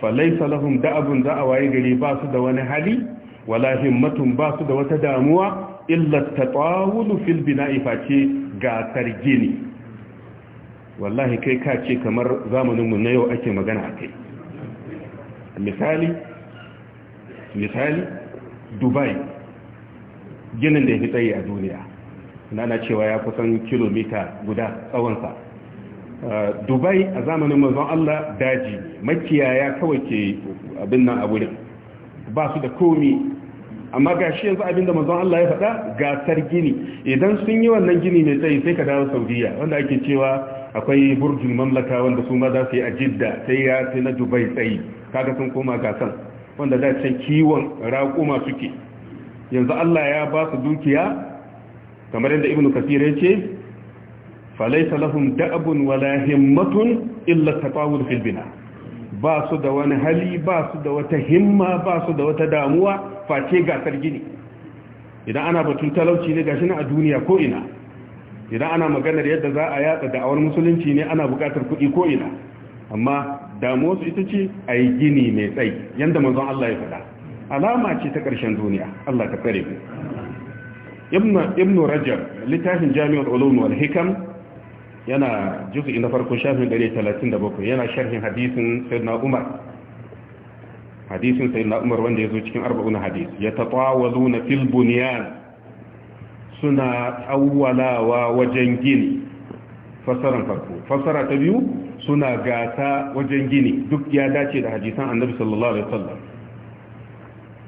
falaisa lahum da'abun za a wayi gari ba su da wani hali wala himmatun ba su da wata damuwa illa tatawulu fil bina'i face ga targini wallahi kai ka ce kamar zamaninmu na yau ake magana a kai misali misali dubai ginin da ya fi tsaye a duniya na cewa ya kusan kilomita guda tsawonsa uh, dubai a zamanin mazan allah daji makiyaya kawai ke abin nan a wurin ba su da komi amma ga shi yanzu abinda mazan allah ya faɗa gasar gini idan sun yi wannan gini mai tsaye sai ka dawo saudiya wanda ake cewa akwai burjin mamlaka wanda su ma za su yi a jidda sai ya fi na dubai tsayi kaga sun koma gasan wanda da can kiwon raƙuma suke yanzu allah ya ba su dukiya kamar yadda ibnu kasir ya ce falaisa lahum da'abun wala himmatun illa tafawul fil bina ba su da wani hali ba su da wata himma ba su da wata damuwa face gasar gini idan ana batun talauci ne gashi na a duniya ko ina idan ana maganar yadda za a yatsa da'awar musulunci ne ana bukatar kuɗi ko ina amma damuwar su ita ce a yi gini mai tsayi yadda manzon Allah ya fada alama ce ta ƙarshen duniya Allah ka tsare mu ibn rajab littafin jami'ar ulum wal yana jiki na farko shafin 137 yana sharhin hadisin sayyidina umar hadisin sayyidina umar wanda ya zo cikin 40 hadis yatatawazuna fil bunyan suna tsawwalawa wajen gini farko fasara ta biyu suna gata wajen gini duk ya dace da hadisan annabi sallallahu alaihi wasallam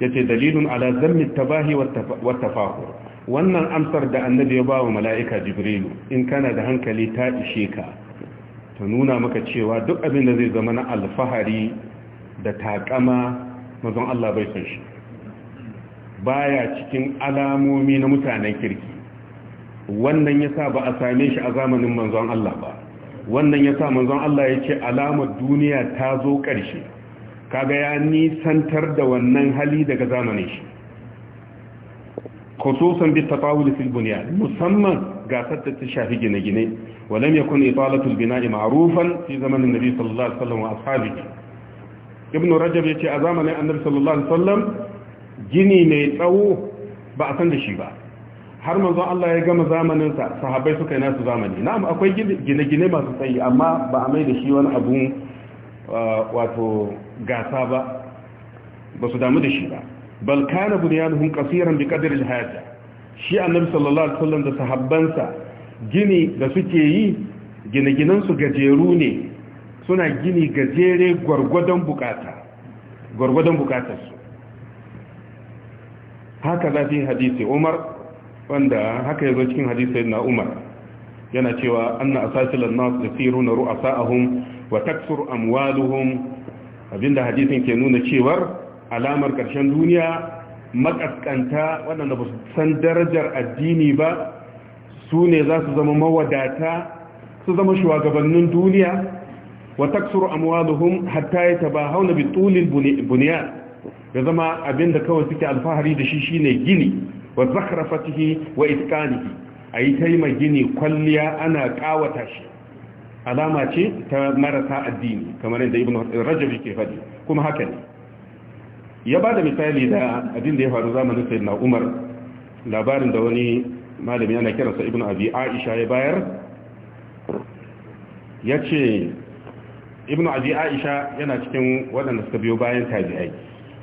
yace dalilun ala zammi tabahi wa tafahur wannan amsar da annabi ya bawa mala'ika jibrilu in kana da hankali ta ishe ka ta nuna maka cewa duk abin da zai zama na alfahari da takama mazan Allah bai san shi baya cikin alamomi na mutanen kirki wannan yasa ba a same shi a zamanin manzon Allah ba wannan ya sa manzon Allah ya ce alamar duniya ta zo ƙarshe kaga ya nisantar da wannan hali daga zamanin shi khususan bi tatawul fil bunyan musamman gasar da ta shafi gine-gine walam yakun italatul bina'i ma'rufan fi zamanin nabi sallallahu alaihi wasallam wa ashabihi Ibnu rajab yace a zamanin annabi sallallahu alaihi wasallam gini mai tsawo ba a san da shi ba har manzon Allah ya gama zamaninsa sahabbai suka yi nasu zamani na'am akwai gine-gine masu tsayi amma ba a mai da shi wani abun uh, wato gasa ba ba su damu da shi ba bal kana bunyanuhum qasiran bi qadri al-hayat shi annabi sallallahu alaihi wasallam da sahabbansa gini da suke yi gine-ginen su gajeru ne suna gini gajere gwargwadon bukata gwargwadon haka za fi hadisi umar wanda haka ya zo cikin hadisi na umar yana cewa anna asasilan nas yasiruna ru'asa'ahum wa taksuru amwaluhum abinda hadisin ke nuna cewar alamar karshen duniya makaskanta waɗanda ba su san darajar addini ba su ne za su zama mawadata su zama shugabannin duniya wa taksuru amwaluhum hatta yatabahawna bi tulil bunyan ya zama abin da kawai suke alfahari da shi shine gini wa zakrafatihi wa itqanihi ayi yi ma gini kwalliya ana kawata shi alama ce ta marasa addini kamar yadda ibn rajab yake faɗi kuma haka ne ya ba da misali da abin da ya faru zamanin na umar labarin da wani malami ana kiransa Ibn abi aisha ya bayar Ya ce Ibn abi aisha yana cikin waɗanda suka biyo bayan tabi'ai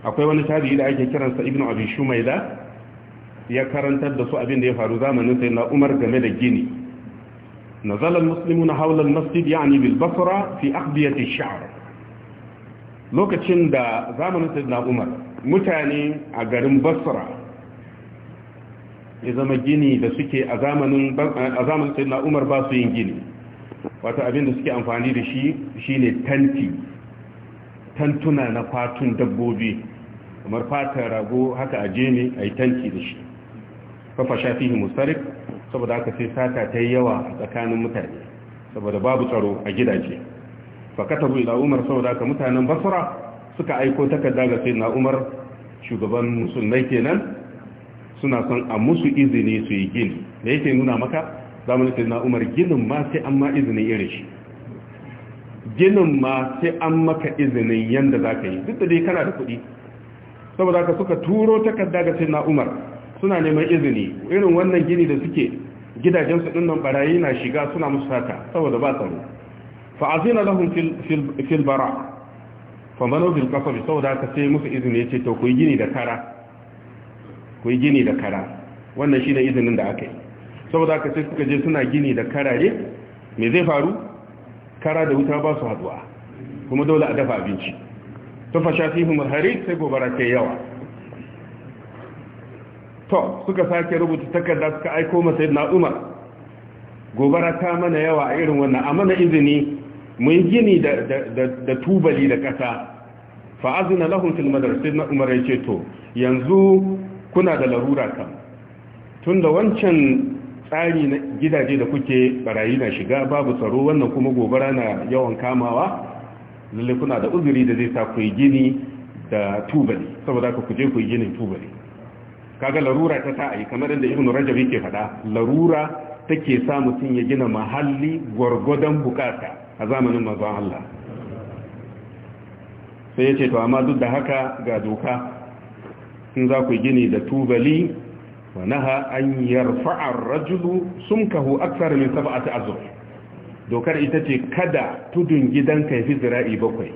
akwai wani tabi'i da ake kiransa Ibn abi shumaila ya karantar da su abin da ya faru zamanin sai na umar game da gini nazal almuslimuna hawla almasjid yani bil basra fi aqdiyati ash lokacin da zamanin sai na umar mutane a garin basra ya zama gini da suke a zamanin a zamanin sai na umar ba su yin gini wata abin da suke amfani da shi shine tanti tantuna na fatun dabbobi kamar fata rago haka a ne a yi tanki da shi fafa shafihi mustarik saboda aka sai sata ta yi yawa a tsakanin mutane saboda babu tsaro a gidaje fakata ila umar saboda aka mutanen basra suka aiko takarda ga sai na umar shugaban musulmai kenan suna son a musu izini su yi gini da yake nuna maka zamani sai na umar ginin ma sai an ma izinin irin shi ginin ma sai an maka izinin yanda za ka yi duk da dai kana da kuɗi saboda haka suka turo takarda ga sayyidina Umar suna neman izini irin wannan gini da suke gidajen su dinnan barayi na shiga suna musu haka saboda ba tsaro fa azina lahum fil fil bara fa manu bil qasab saboda haka sai musu izini yace to ku yi gini da kara ku yi gini da kara wannan shine izinin da aka yi saboda haka sai suka je suna gini da karare me zai faru kara da wuta ba su haduwa kuma dole a dafa abinci ta fasha fihim hari sai gobara ke yawa to suka sake rubuta takarda suka aiko masa na umar gobara ta mana yawa a irin wannan a mana izini mu yi gini da tubali da ƙasa fa'azina lahuntun filmadar sai na umar ya ce to yanzu kuna da larura kan tun wancan tsari na gidaje da kuke barayi na shiga babu tsaro wannan kuma gobara na yawan kamawa lalle kuna da uzuri da zai sa ku yi gini da tubali saboda ku kuje ku yi ginin tubali kaga larura ta yi kamar yadda ibnu rajab yake faɗa larura take sa mutum ya gina mahalli gurgudan bukata a zamanin manzon Allah sai yace to amma duk da haka ga doka in za ku gini da tubali wa naha an yarfa'a ar-rajulu sumkahu akthar min sab'ati azwaj dokar ita ce kada tudun gidan kai fi zira'i bakwai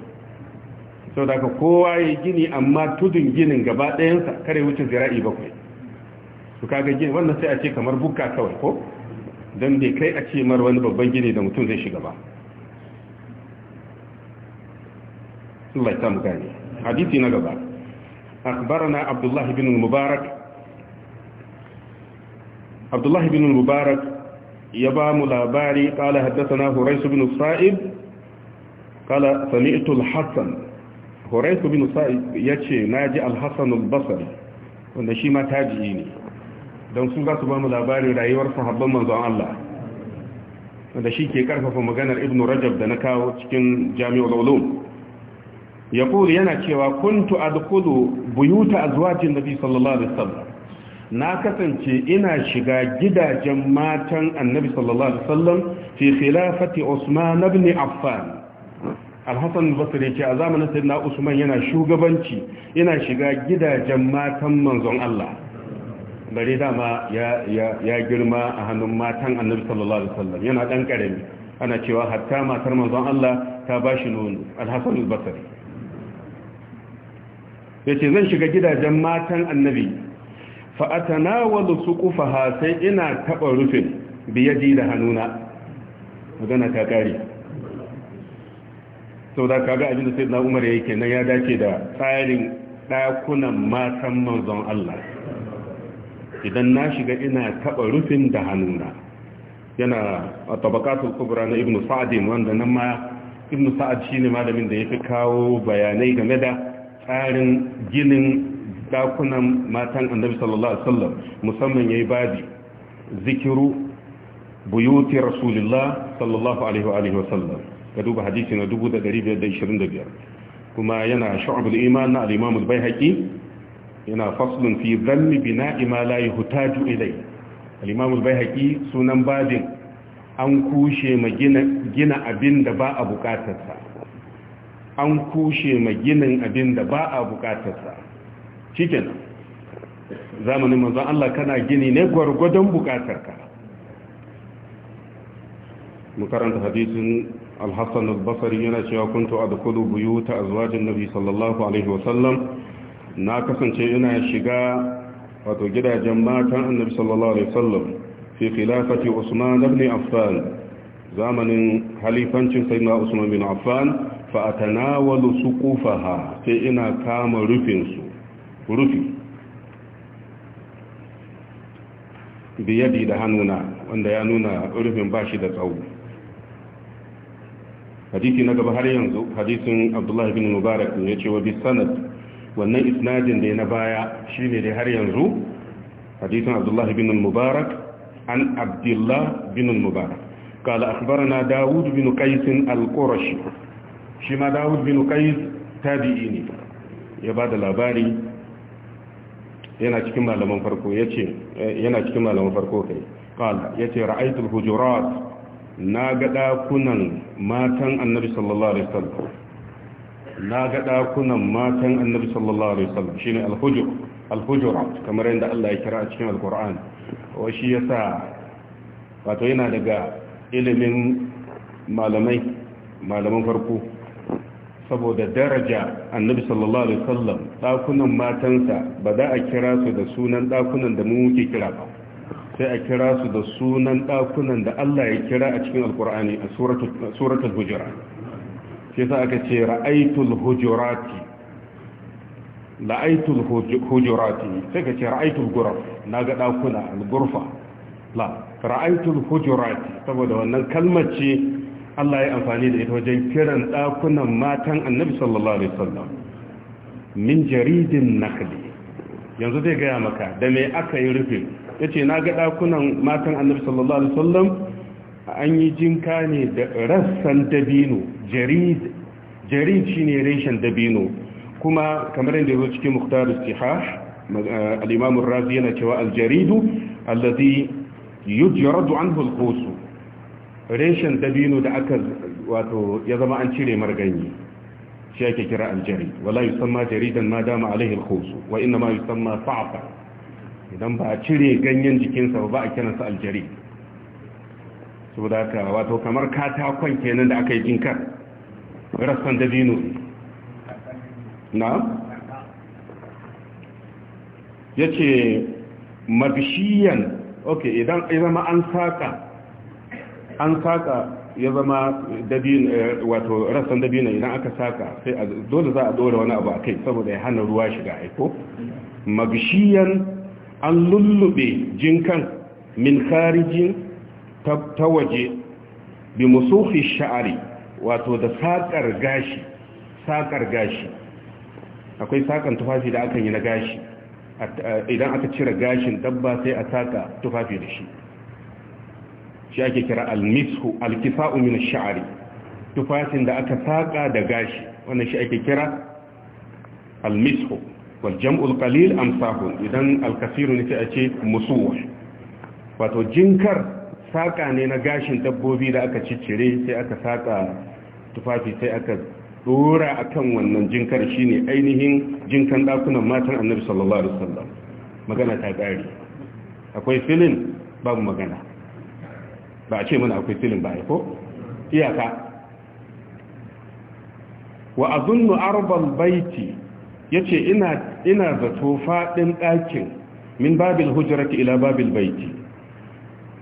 sau da kowa ya gini amma tudun ginin gaba ɗayansa kare wuce zira'i bakwai su kaga gini wannan sai a ce kamar bukka kawai ko don bai kai a ce mar wani babban gini da mutum zai shiga ba Allah ta samu gani hadisi na gaba akhbarana abdullahi bin mubarak abdullahi bin mubarak ya ba mu labari kala haddasana huraisu bin sa'id kala sami'tu al-hassan huraisu bin sa'id yace naji al-hassan al-basri wanda shi ma tabi'i ne don su za su ba mu labarin rayuwar sahabban manzon Allah wanda shi ke karfafa maganar ibn rajab da na kawo cikin jami'ul ulum ya yana cewa kuntu adkhulu buyuta azwajin nabi sallallahu alaihi wasallam na kasance ina shiga gidajen matan annabi sallallahu alaihi wasallam fi khilafati usman ibn affan alhassan basri ce a zamanin sayyidina usman yana shugabanci ina shiga gidajen matan manzon Allah bare dama ya ya girma a hannun matan annabi sallallahu alaihi wasallam yana dan karami ana cewa hatta matar manzon Allah ta bashi nono alhassan basri yace zan shiga gidajen matan annabi fa atanawalu suqufaha sai ina taba rufin biyadi da hannuna magana ta kare sau da kaga abin da sai na umar ya nan ya dace da tsarin ɗakunan matan manzon Allah idan na shiga ina taɓa rufin da hannuna yana a tabakatul kubra na ibn sa'adin wanda nan ma ibn sa'ad shine malamin da ya fi kawo bayanai game da tsarin ginin dakunan matan annabi sallallahu alaihi wasallam musamman yayi babi zikiru buyuti rasulillah sallallahu alaihi wa alihi wasallam ka duba hadisi na 1525 kuma yana shu'abul iman na al-imam al-baihaqi yana faslun fi dhanni bina'i ma la yuhtaju ilay al-imam al-baihaqi sunan babin an kushe ma gina abin da ba a bukatarsa an kushe ma ginin abin da ba a bukatarsa shikenan zamanin manzon Allah kana gini ne gwargwadon bukatarka mu karanta hadisin الحسن البصري yana cewa kuntu adkhulu buyuta azwajin nabi sallallahu alaihi wasallam na kasance ina shiga wato gidajen matan annabi sallallahu alaihi wasallam fi khilafati usman ibn affan zamanin halifancin sayyidina usman bin affan fa atanawalu suqufaha sai ina kama rufin su rufi biyadi da hannuna wanda ya nuna rufin bashi da tsawo hadisi na gaba har yanzu hadisin Abdullahi bin mubarak ne ya ce wa bi sanad wannan isnadin da ya na baya shi ne da har yanzu hadisin Abdullahi bin mubarak an abdullah bin mubarak na Dawud bin Kaisin قال أخبرنا داود بن قيس القرشي شما داود بن Ya ba da labari. yana cikin malaman farko yace eh, yana cikin malaman farko kai qala yace ra'aytul hujurat na ga dakunan matan annabi sallallahu alaihi wasallam na ga dakunan matan annabi sallallahu alaihi wasallam shine al-hujur al-hujurat kamar yadda Allah ya kira a cikin al-Qur'an wa shi yasa wato yana daga ilimin malamai malaman farko saboda daraja annabi sallallahu alaihi wasallam dakunan matansa ba za a kira su da sunan dakunan da mu muke kira ba sai a kira su da sunan dakunan da Allah ya kira a cikin alkur'ani a suratul hujura sai sa aka ce ra'aytul hujurati la'aytul hujurati sai ka ce ra'aytul guraf naga dakuna al-ghurfa la ra'aytul hujurati saboda wannan kalmar ce Allah ya amfani da ita wajen kiran ɗakunan matan annabi sallallahu alaihi wasallam min jaridin nakli yanzu zai gaya maka da me aka yi rufe ya ce na ga ɗakunan matan annabi sallallahu alaihi wasallam an yi jinka ne da rassan dabino jarid jarid shine reshen dabino kuma kamar yadda zo cikin muktar istihash al razi yana cewa al-jaridu alladhi yujradu anhu al-qusu reshen dabino da aka wato ya zama an cire marganyi shi ake kira aljari wala yusamma jaridan ma dama alaihi alkhus wa inna ma yusamma sa'fa idan ba a cire ganyen jikinsa ba a kiran sa aljari da aka wato kamar katakon kenan da aka yi jinkar rassan dabino na ce mabshiyan okay idan idan ma an saka an saka ya zama eh, wato rassan dabino idan aka saka sai dole za a dora wani abu a kai saboda ya hana ruwa shiga aiko magishiyan an lullube jinkan min kharijin ta waje bi musuhi sha'ari wato da sakar gashi sakar gashi akwai sakan tufafi da aka yi na gashi eh, idan aka cire gashin dabba sai a saka tufafi da shi shi ake kira almishu alkisa'u min ash-sha'ri tufafin da aka saka da gashi wannan shi ake kira almishu wal jam'u alqalil amsahun idan alkasiru ne sai a ce musuwa wato jinkar saka ne na gashin dabbobi da aka ciccire sai aka saka tufafi sai aka dora akan wannan jinkar shine ainihin jinkan dakunan matan annabi sallallahu alaihi wasallam magana ta gari akwai filin babu magana ba a ce mana akwai silin baya ko iyaka wa azunnu arban baiti yace ina ina zato fadin dakin min babil hujrati ila babil baiti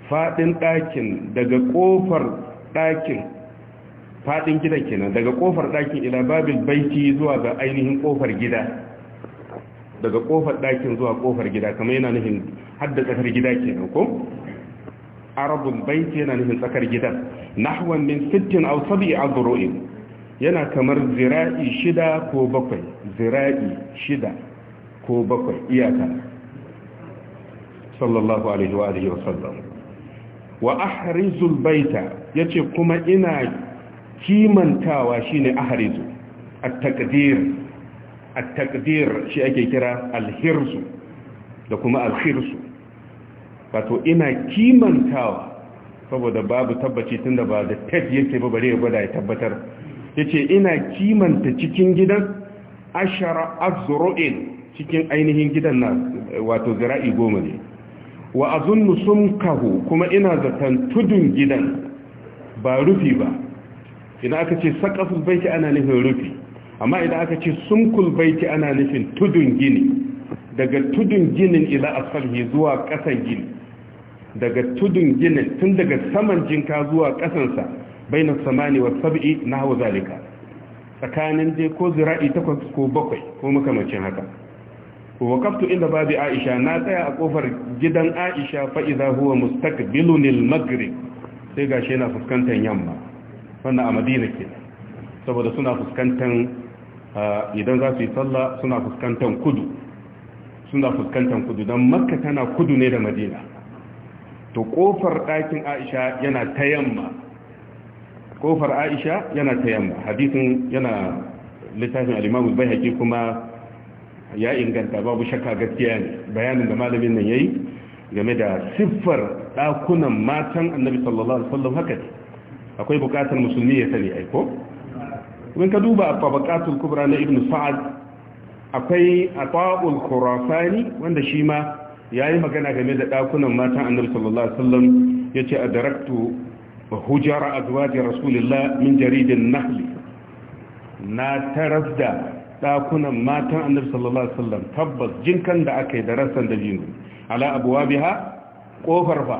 fadin dakin daga kofar dakin fadin gidan kenan daga kofar dakin ila babil baiti zuwa ga ainihin kofar gida daga kofar dakin zuwa kofar gida kamar yana nufin hadda tsakar gida kenan ko arabul bait yana nufin tsakar gidan nahwan min sittin aw sab'i adru'in yana kamar zira'i shida ko bakwai zira'i shida ko bakwai iyaka sallallahu alaihi wa alihi wasallam wa ahrizul baita yace kuma ina kimantawa shine ahrizu at-taqdir at-taqdir shi ake kira al-hirzu da kuma al-khirsu wato ina kimantawa saboda babu tabbaci tunda ba da ted yake ba bare ya gwada ya tabbatar yace ina kimanta cikin gidan ashara azru'in cikin ainihin gidan nan wato zira'i goma ne wa azunnu sumkahu kuma ina zaton tudun gidan ba rufi ba idan aka ce saqaful baiti ana nufin rufi amma idan aka ce sumkul baiti ana nufin tudun gini daga tudun ginin ila asfalhi zuwa kasan gini daga tudun ginin tun daga saman jinka zuwa bai na samani wa sab'i na hau zalika tsakanin je ko zira'i takwas ko bakwai ko makamacin haka kaftu inda babu aisha na tsaya a kofar gidan aisha fa'iza huwa mustaqbilun al-maghrib sai gashi yana fuskantar yamma wannan a madina ke saboda suna fuskantar idan za su yi sallah suna fuskantar kudu suna fuskantar kudu dan makka tana kudu ne da madina to kofar ɗakin aisha yana ta yamma kofar aisha yana ta yamma hadisin yana littafin alimamu bai haƙi kuma ya inganta babu shakka gaskiya ne bayanin da malamin nan ya yi game da siffar ɗakunan matan annabi sallallahu alaihi wasallam haka ne akwai buƙatar musulmi ya sani aiko in ka duba a tabaqatul kubra na ibnu sa'ad akwai ata'ul khurasani wanda shi ma ya yi magana game da ɗakunan matan annabi sallallahu alaihi wasallam ya ce a daraktu hujjara a zuwajin min na taras da ɗakunan matan annabi sallallahu alaihi wasallam tabbas jinkan da aka yi da rassan da jini ala abuwa biha fa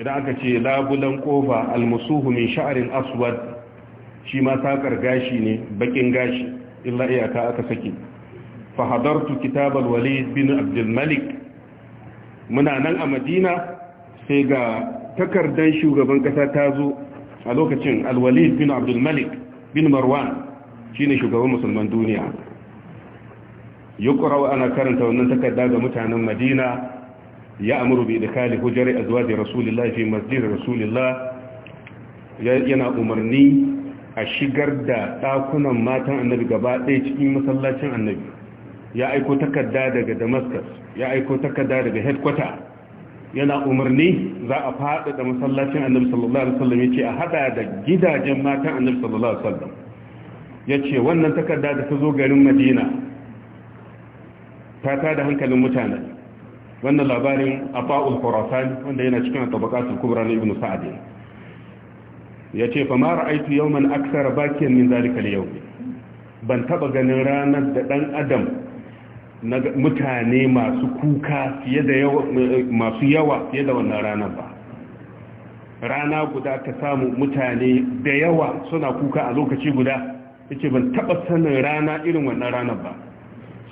idan aka ce labulan ƙofa almusuhu min sha'arin aswad shi ma sakar gashi ne bakin gashi illa iyaka aka saki fa hadartu kitabal walid bin abdul malik muna nan a madina sai ga takardar shugaban kasa ta zo a lokacin alwalid bin abdulmalik bin marwan shine shugaban musulman duniya ya ana karanta wannan takarda ga mutanen madina ya amuru bi idkhali hujari azwaji rasulillah fi masjid rasulillah yana umarni a shigar da dakunan matan annabi gaba ɗaya cikin masallacin annabi ya aiko takarda daga damascus ya aiko takarda daga headquarter yana umarni za a faɗaɗa masallacin annabi sallallahu alaihi wasallam yace a hada da gidajen matan annabi sallallahu alaihi wasallam yace wannan takarda da ta zo garin Madina ta tada hankalin mutane wannan labarin Afa'ul Khurasan wanda yana cikin tabaqatul kubra na Ibn Sa'd yace fa ma ra'aytu yawman akthar bakiyan min zalika al-yawm ban taba ganin ranar da dan adam na mutane masu kuka fiye da masu yawa fiye da wannan rana ba rana guda ka samu mutane da yawa suna kuka a lokaci guda yake ban taba sanin rana irin wannan rana ba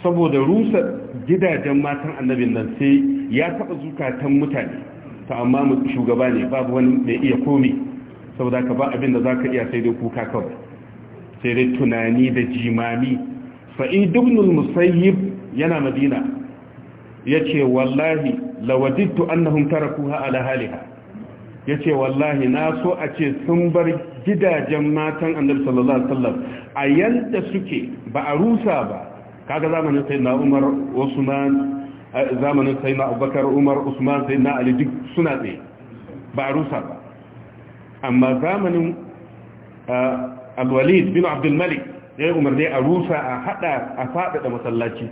saboda rusa gidajen matan annabin nan sai ya taba zukatan mutane ta amma shugaba ne babu wani mai iya komi saboda ka ba abin da zaka iya sai dai kuka kawai sai dai tunani da jimami fa idubnul musayyib yana madina ya ce wallahi lawadittu annahum tarakuha ala haliha ya ce wallahi na so a ce sun bar gidajen matan annabi sallallahu alaihi wasallam a yanda suke ba a rusa ba kaga zamanin sai na Umar Usman eh, zamanin sai na Abubakar Umar Usman sayyidina Ali duk suna tsaye ba a rusa ba amma zamanin eh, abu walid bin Abdul Malik ya dai a rusa a hada a fadada masallaci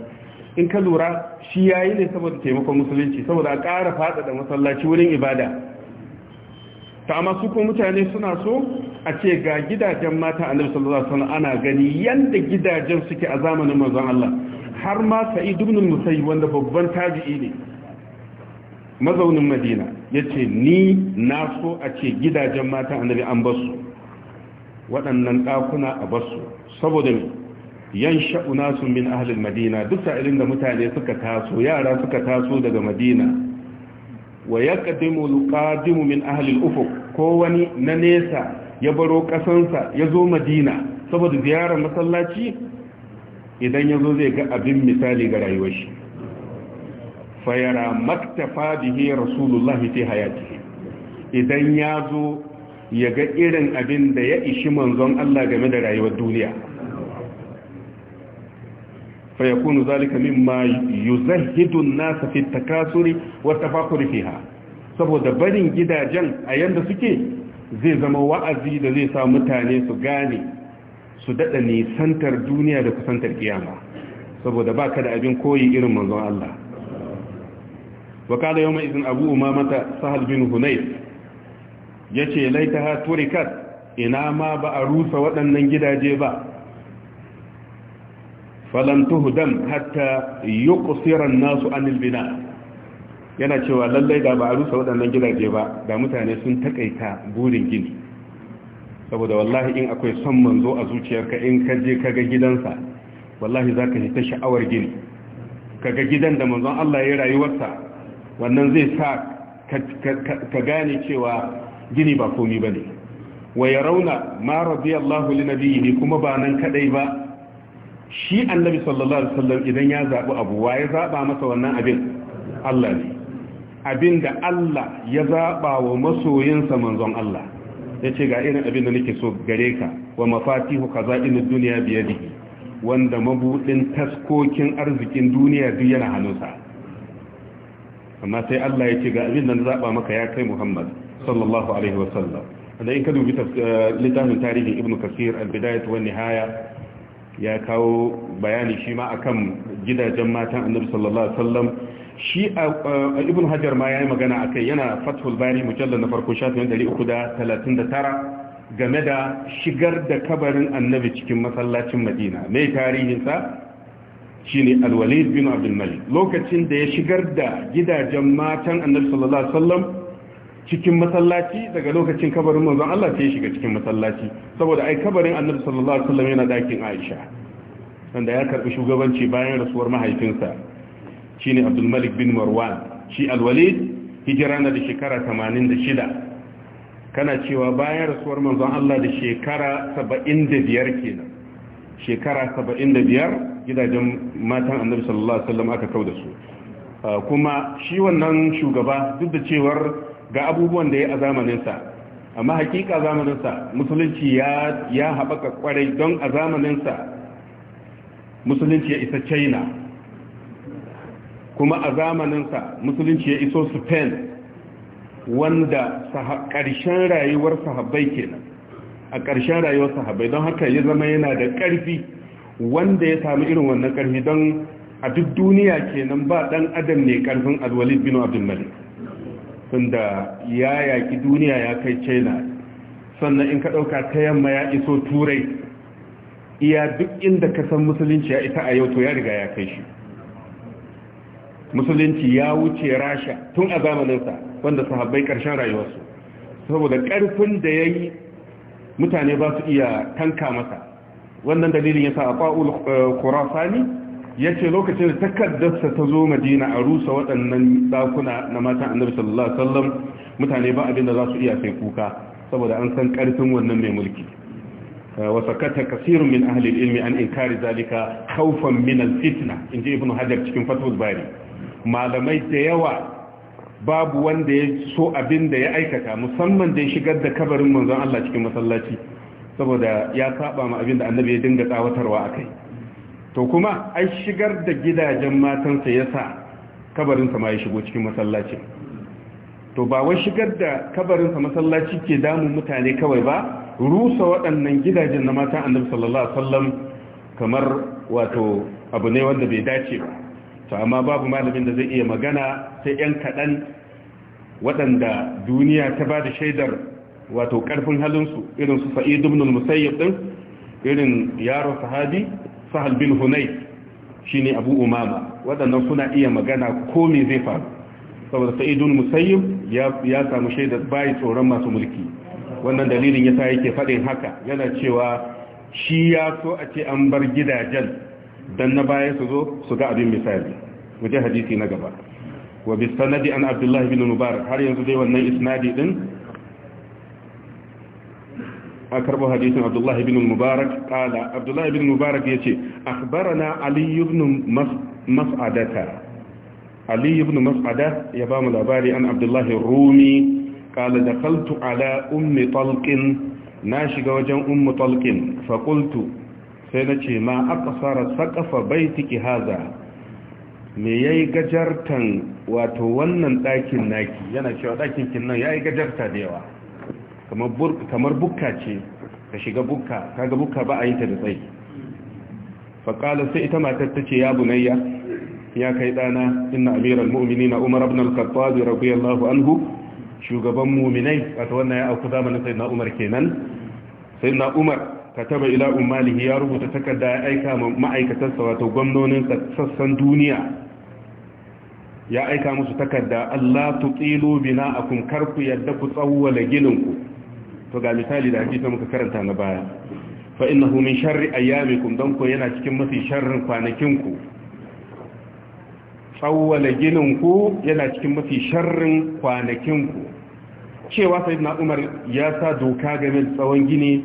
in ka lura shi yayi ne saboda taimakon musulunci saboda a ƙara faɗaɗa masallaci wurin ibada ta amma su ko mutane suna so a ce ga gidajen mata annabi sallallahu alaihi wasallam ana gani yanda gidajen suke a zamanin manzon Allah har ma sa'id ibn musayyib wanda babban tabi'i ne mazaunin madina yace ni na so a ce gidajen mata annabi an basu waɗannan ɗakuna a basu saboda sha'una sun min ahalin madina duk sa'ilin da mutane suka taso yara suka taso daga madina wa kadimu alqadimu min ahalin al ko wani na nesa ya baro kasansa ya zo madina saboda ziyarar masallaci idan ya zo zai ga abin misali ga rayuwar shi fayara maktafa bihi rasulullahi fi hayatihi idan ya zo ya ga irin abin da ya ishi manzon Allah game da rayuwar duniya fa yakunu zalika mimma yuzahhidu an-nas fi at-takasuri wa at-tafakhuri fiha saboda barin gidajen a yanda suke zai zama wa'azi da zai sa mutane su gane su dada nisantar duniya da kusantar kiyama saboda baka da abin koyi irin manzon Allah wa kana yawma idin abu umamata sahal bin hunayf yace laitaha turikat ina ma ba a rusa waɗannan gidaje ba falam tuhdam hatta yuqsira an-nasu anil bina yana cewa lallai da ba a rusa waɗannan gidaje ba da mutane sun takaita burin gini saboda wallahi in akwai son manzo a zuciyarka in ka je kaga gidansa wallahi zaka ji ta sha'awar gini kaga gidan da manzon Allah ya rayuwarsa wannan zai sa ka gane cewa gini ba komi bane wa yarawna ma radiyallahu li ne kuma ba nan kadai ba shi annabi sallallahu alaihi wasallam idan ya zaɓi abu wa ya zaba masa wannan abin Allah ne abin da Allah ya zaɓa wa masoyinsa manzon Allah ce ga irin abin da nake so gare ka wa mafatihu kazainud dunya biyadihi wanda mabudin taskokin arzikin duniya duk yana hannunsa amma sai Allah ya ce ga abin da na zaba maka ya kai Muhammad sallallahu alaihi wasallam da in ka dubi eh, littafin tarihin ibnu kasir al-bidayah wa nihaya ya kawo bayani shi ma akan gidajen matan annabi sallallahu alaihi wasallam shi ibn hajar ma yayi magana akai yana fathul bari mujallal na farko shafin 339 game da shigar da kabarin annabi cikin masallacin madina mai tarihin sa shine al bin abdul malik lokacin da ya shigar da gidajen matan annabi sallallahu alaihi wasallam cikin masallaci daga lokacin kabarin manzon Allah sai ya shiga cikin masallaci saboda ai kabarin Annabi sallallahu alaihi wasallam yana dakin Aisha wanda ya karbi shugabanci bayan rasuwar mahaifinsa shine Abdul Malik bin Marwan shi Al-Walid hijira na da shekara 86 kana cewa bayan rasuwar manzon Allah da shekara 75 kenan shekara 75 gidajen matan Annabi sallallahu alaihi wasallam aka kauda su ah, kuma shi wannan shugaba duk da cewar ga abubuwan da ya a zamaninsa amma hakika zamaninsa musulunci ya haɓaka kwarai don a zamaninsa musulunci ya isa china kuma a zamaninsa musulunci ya iso spain wanda ƙarshen rayuwar sahabbai kenan a ƙarshen rayuwar sahabbai don haka ya zama yana da ƙarfi wanda ya sami irin wannan ƙarfi don a duk duniya kenan ba ɗan adam ne ƙarfin alwalid bin abdulmalik tunda ya yaƙi duniya ya kai china sannan in ka ɗauka ta yamma ya iso turai iya duk inda ka san musulunci ya ita a yau to ya riga ya kai shi musulunci ya wuce rasha tun a zamaninsa wanda sahabbai ƙarshen rayuwarsu saboda ƙarfin da ya yi mutane ba su iya tanka masa wannan dalilin ya sa a ƙwa'ul eh, ya ce lokacin da takardarsa ta zo madina a rusa waɗannan ɗakuna na matan annabi sallallahu alaihi wasallam mutane ba abin da za su iya sai kuka saboda an san ƙarfin wannan mai mulki eh, wa sakata kasirun min ahli ilmi an inkari zalika khawfan min al-fitna inji ibnu hajar cikin fathul bari malamai da yawa babu wanda ya so abin da ya aikata musamman da ya shigar da kabarin manzon Allah cikin masallaci saboda ya saba ma abin da annabi ya dinga tsawatarwa akai to kuma ai shigar da gidajen matansa ya sa kabarinsa ma ya shigo cikin masallaci, to ba wai shigar da kabarinsa masallaci ke damun mutane kawai ba rusa waɗannan gidajen na matan annabi sallallahu alaihi wasallam kamar wato abu ne wanda bai dace ba to amma babu malamin da zai iya magana sai yan kaɗan waɗanda duniya ta ba da shaidar wato ƙarfin halinsu irin su sa'id ibn al-musayyib din irin yaro sahabi sahal bin hunay shine abu umama waɗannan suna iya magana ko me zai faru saboda sa'idun musayyib ya samu shaidar bayi tsoron masu mulki wannan dalilin ya yasa yake faɗin haka yana cewa shi ya so a ce an bar gidajen dan na baya su zo su ga abin misali wajen hadisi na gaba wa bisanadi an abdullahi bin mubarak har yanzu dai wannan isnadi din a karbo hadisin abdullahi bin mubarak kala abdullahi bin mubarak ya ce akbarana ali mas'adata ali ibn mas'ada ya ba mu labari an abdullahi rumi kala da kaltu ala ummi talqin na shiga wajen ummi talqin fa sai na ce ma aqsara saqafa baitiki haza me yayi gajartan wato wannan ɗakin naki yana cewa dakin ya yi yayi gajarta da yawa kamar bukka ce ka shiga bukka kaga bukka ba a yi ta da tsayi faƙala sai ita matar ta ce ya bunayya ya kai ɗana ina amiral mu'mini na umar abin al-khattabi yallahu anhu shugaban mu'minai a ta wannan ya auku zamanin sai na umar kenan sai na umar ka taba ila ummalihi ya rubuta takarda ya aika ma'aikatarsa wato gwamnonin sassan duniya ya aika musu takarda Allah bina bina'akum karku yadda ku tsawwala ku. to ga misali da hadisi muka karanta na baya fa innahu min sharri ayyamikum dan ko yana cikin mafi sharrin kwanakin ku tsawwala ginin ku yana cikin mafi sharrin kwanakin ku cewa sayyidina Umar ya sa doka game da tsawon gini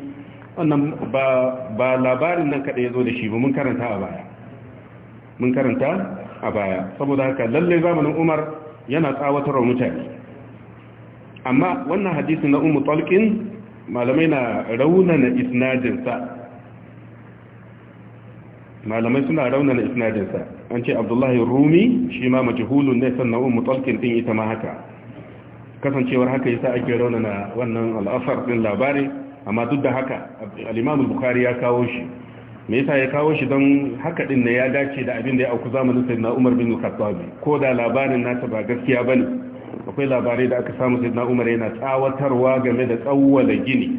wannan ba ba labarin nan kada yazo da shi ba mun karanta a baya mun karanta a baya saboda haka lalle zamanin Umar yana tsawatarwa mutane amma wannan hadisi na umu talqin malamai na raunana isnadinsa malamai suna raunana isnadinsa an ce abdullahi rumi shi ma majihulun ne sannan umu talqin din ita ma haka kasancewar haka yasa ake raunana wannan al'asar din labari amma duk da haka al-imam ya kawo shi me yasa ya kawo shi don haka din ne ya dace da abin da ya auku zamanin sayyidina umar bin khattab ko da labarin nasa ba gaskiya bane akwai labarai da aka samu sai na umar yana tsawatarwa game da tsawwala gini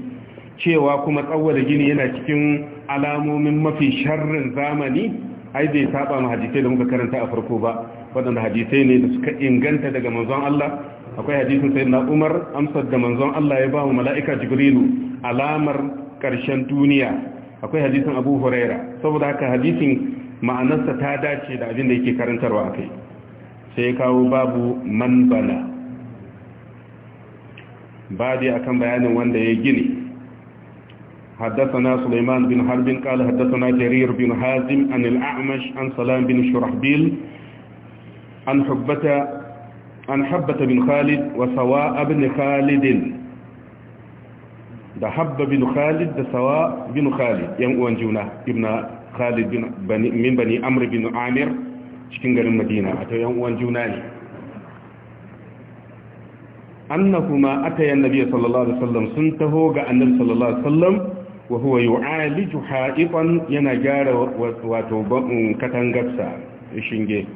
cewa kuma tsawwala gini yana cikin alamomin mafi sharrin zamani ai bai saba ma hadisai da muka karanta a farko ba waɗanda hadisai ne da suka inganta daga manzon Allah akwai hadisin sayyidina Umar amsar da manzon Allah ya ba mu mala'ika Jibrilu alamar karshen duniya akwai hadisin Abu Huraira saboda haka hadisin ma'anarsa ta dace da abin da yake karantarwa akai sai kawo babu man بعدي أكم بيان وان دي حدثنا سليمان بن حرب قال حدثنا جرير بن حازم عن الأعمش عن سلام بن شرحبيل عن حبة عن حبة بن خالد وسواء بن خالد ده حبة بن خالد ده سواء بن خالد ينقوان جونا ابن خالد بن بني من بني أمر بن عامر شكين المدينة ينقوان جوناني annahuma ataya annabi sallallahu alaihi wasallam sun taho ga annabi sallallahu alaihi wasallam wa huwa yu'aliju ha'ifan yana gyara wato katangarsa shinge